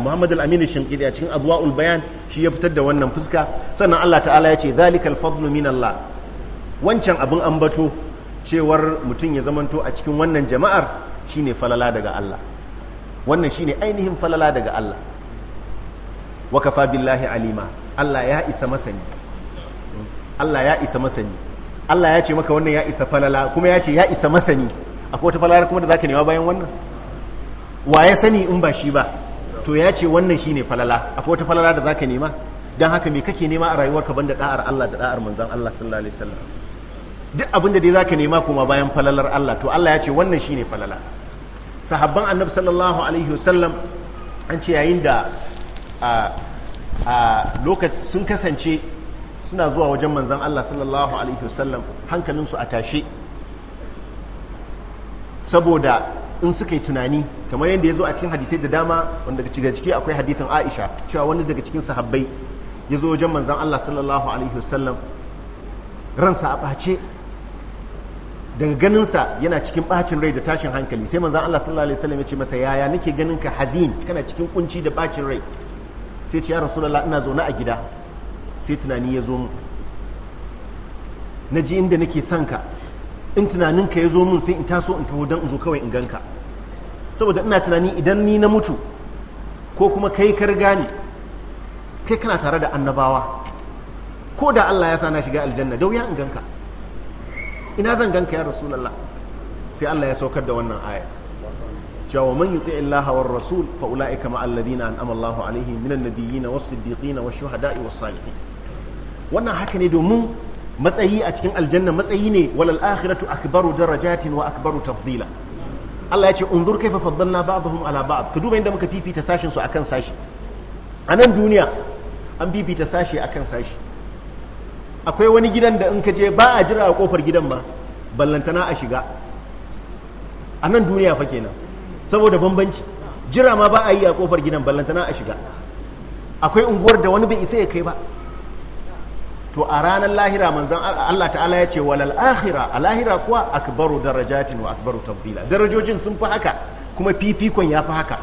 muhammad al-amin shinqiti a cikin adwa'ul bayan shi ya fitar da wannan fuska sannan Allah ta'ala ya ce zalikal fadlu min Allah wancan abin ambato cewar mutum ya zamanto a cikin wannan jama'ar shine falala daga Allah wannan shine ainihin falala daga Allah wa kafa billahi alima Allah ya isa masani Allah ya isa masani Allah ya ce maka wannan ya isa falala kuma ya ce ya isa masani akwai wata falala kuma da zaka nema bayan wannan wa ya sani in ba shi ba to ya ce wannan shine falala akwai wata falala da zaka nema dan haka me kake nema a rayuwarka banda da'ar Allah da da'ar manzon Allah sallallahu alaihi wasallam duk abin da dai zaka nema kuma bayan falalar Allah to Allah ya ce wannan shine falala sahabban annabi sallallahu alaihi wasallam an ce yayin da a lokacin sun kasance suna zuwa wajen manzan Allah sallallahu alaihi wasallam hankalinsu a tashe saboda in suka yi tunani kamar yadda ya zo a cikin hadisai da dama wanda daga ciki akwai hadisin Aisha cewa wani daga cikin sahabbai ya zo wajen manzan Allah sallallahu alaihi wasallam ransa a ɓace daga ganinsa yana cikin ɓacin rai da tashin hankali sai manzan Allah sallallahu alaihi wasallam ya ce masa yaya nake ganin ka hazin kana cikin kunci da ɓacin rai sai ce ya rasulullah ina zaune a gida sai tunani ya zo mu na ji inda nake son ka in tunaninka ya zo mun sai in taso in taho don in zo kawai in ganka saboda ina tunani idan ni na mutu ko kuma kai kar gani kai kana tare da annabawa ko da Allah ya sa na shiga aljanna da wuya in ganka ina zan ganka ya rasulullah sai Allah ya saukar da wannan aya cewa man yuti illaha war rasul fa ulaika ma alladhina an'ama Allahu alaihim minan nabiyyin wa siddiqin wa shuhada'i was salihin wannan haka ne domin matsayi a cikin aljanna matsayi ne walal akhiratu akbaru darajatin wa akbaru tafdila Allah ya ce unzur kaifa faddalna ba'dahum ala ba'd ka duba inda muka fifita sashin su akan sashi a nan duniya an fifita sashi akan sashi akwai wani gidan da in ka je ba a jira a kofar gidan ba ballantana a shiga a nan duniya fa kenan saboda bambanci jira ma ba a yi a kofar gidan ballantana a shiga akwai unguwar da wani bai isa ya kai ba to a ranar lahira manzan Allah ta'ala ya ce walal akhira a lahira kuwa akbaru darajatin wa akbaru tafdila darajojin sun fi haka kuma fifikon ya fi haka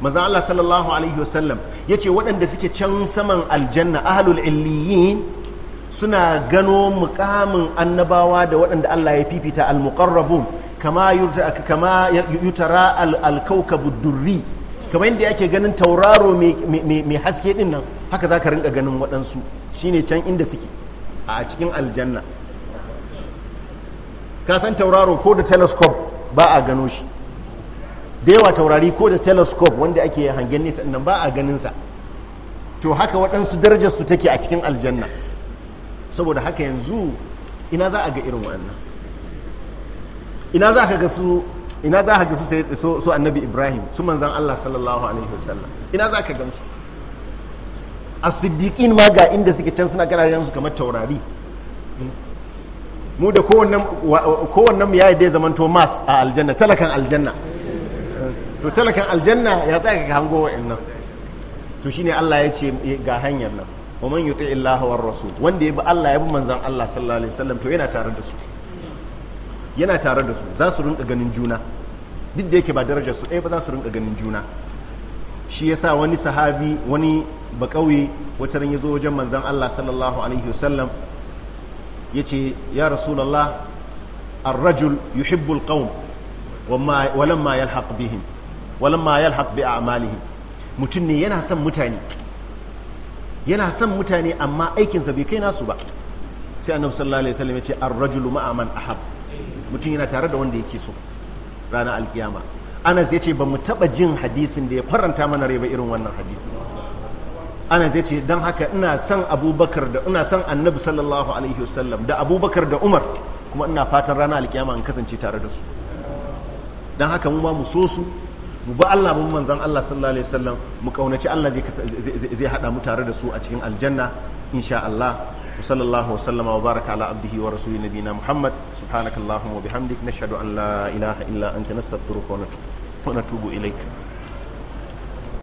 manzan Allah sallallahu alaihi wasallam ya ce waɗanda suke can saman aljanna ahlul illiyin suna gano mukamin annabawa da waɗanda Allah ya fifita al-muqarrabun kama yutara alkaukabu durri kama yadda yake ganin tauraro mai haske din nan haka za ka rinka ganin waɗansu shine can inda suke a cikin aljanna ka san tauraro ko da telescope ba a gano shi da yawa taurari ko da telescope wanda ake hangen nesa nan ba a sa to haka waɗansu darajarsu take a cikin aljanna saboda haka yanzu ina za a ga irin waɗannan ina za ka ga su ina za ka ga su su annabi ibrahim su manzan allah sallallahu alaihi wasallam ina za ka gamsu a siddiqin ma ga inda suke can suna garajen su kamar taurari mu da kowannen ya yi dai to mas a aljanna talakan aljanna to talakan aljanna ya tsaya ka hango wa'annan to shine Allah ya ce eh, ga hanyar nan wa man yuti illahu war rasul wanda ya bi Allah ya bi manzan Allah sallallahu alaihi wasallam to yana tare da su yana tare da su za su rinka ganin juna duk da yake ba darajar su ɗaya ba za su rinka ganin juna shi ya sa wani sahabi wani bakauye wata ran zo wajen manzan Allah sallallahu alaihi wasallam ya ce ya Rasulallah ar-rajul yuhibbu al-qaum walamma yalhaq bihim walamma yalhaq bi a'malihim mutum ne yana son mutane yana son mutane amma aikinsa bai kai nasu ba sai annabi sallallahu alaihi wasallam yace ar-rajulu ma'a man ahab mutum yana tare da wanda yake so ranar alkiyama anas ya ce ba mu taɓa jin hadisin da ya faranta mana rai ba irin wannan hadisin anas ya ce don haka ina son abubakar da ina son annabi sallallahu alaihi wasallam da abubakar da umar kuma ina fatan ranar alkiyama in kasance tare da su don haka mu ma mu so su mu ba Allah mun manzan Allah sallallahu alaihi wasallam mu kaunaci Allah zai zai hada mu tare da su a cikin aljanna insha Allah وصلى الله وسلم وبارك على عبده ورسوله نبينا محمد سبحانك اللهم وبحمدك نشهد أن لا إله إلا أنت نستغفرك ونتوب إليك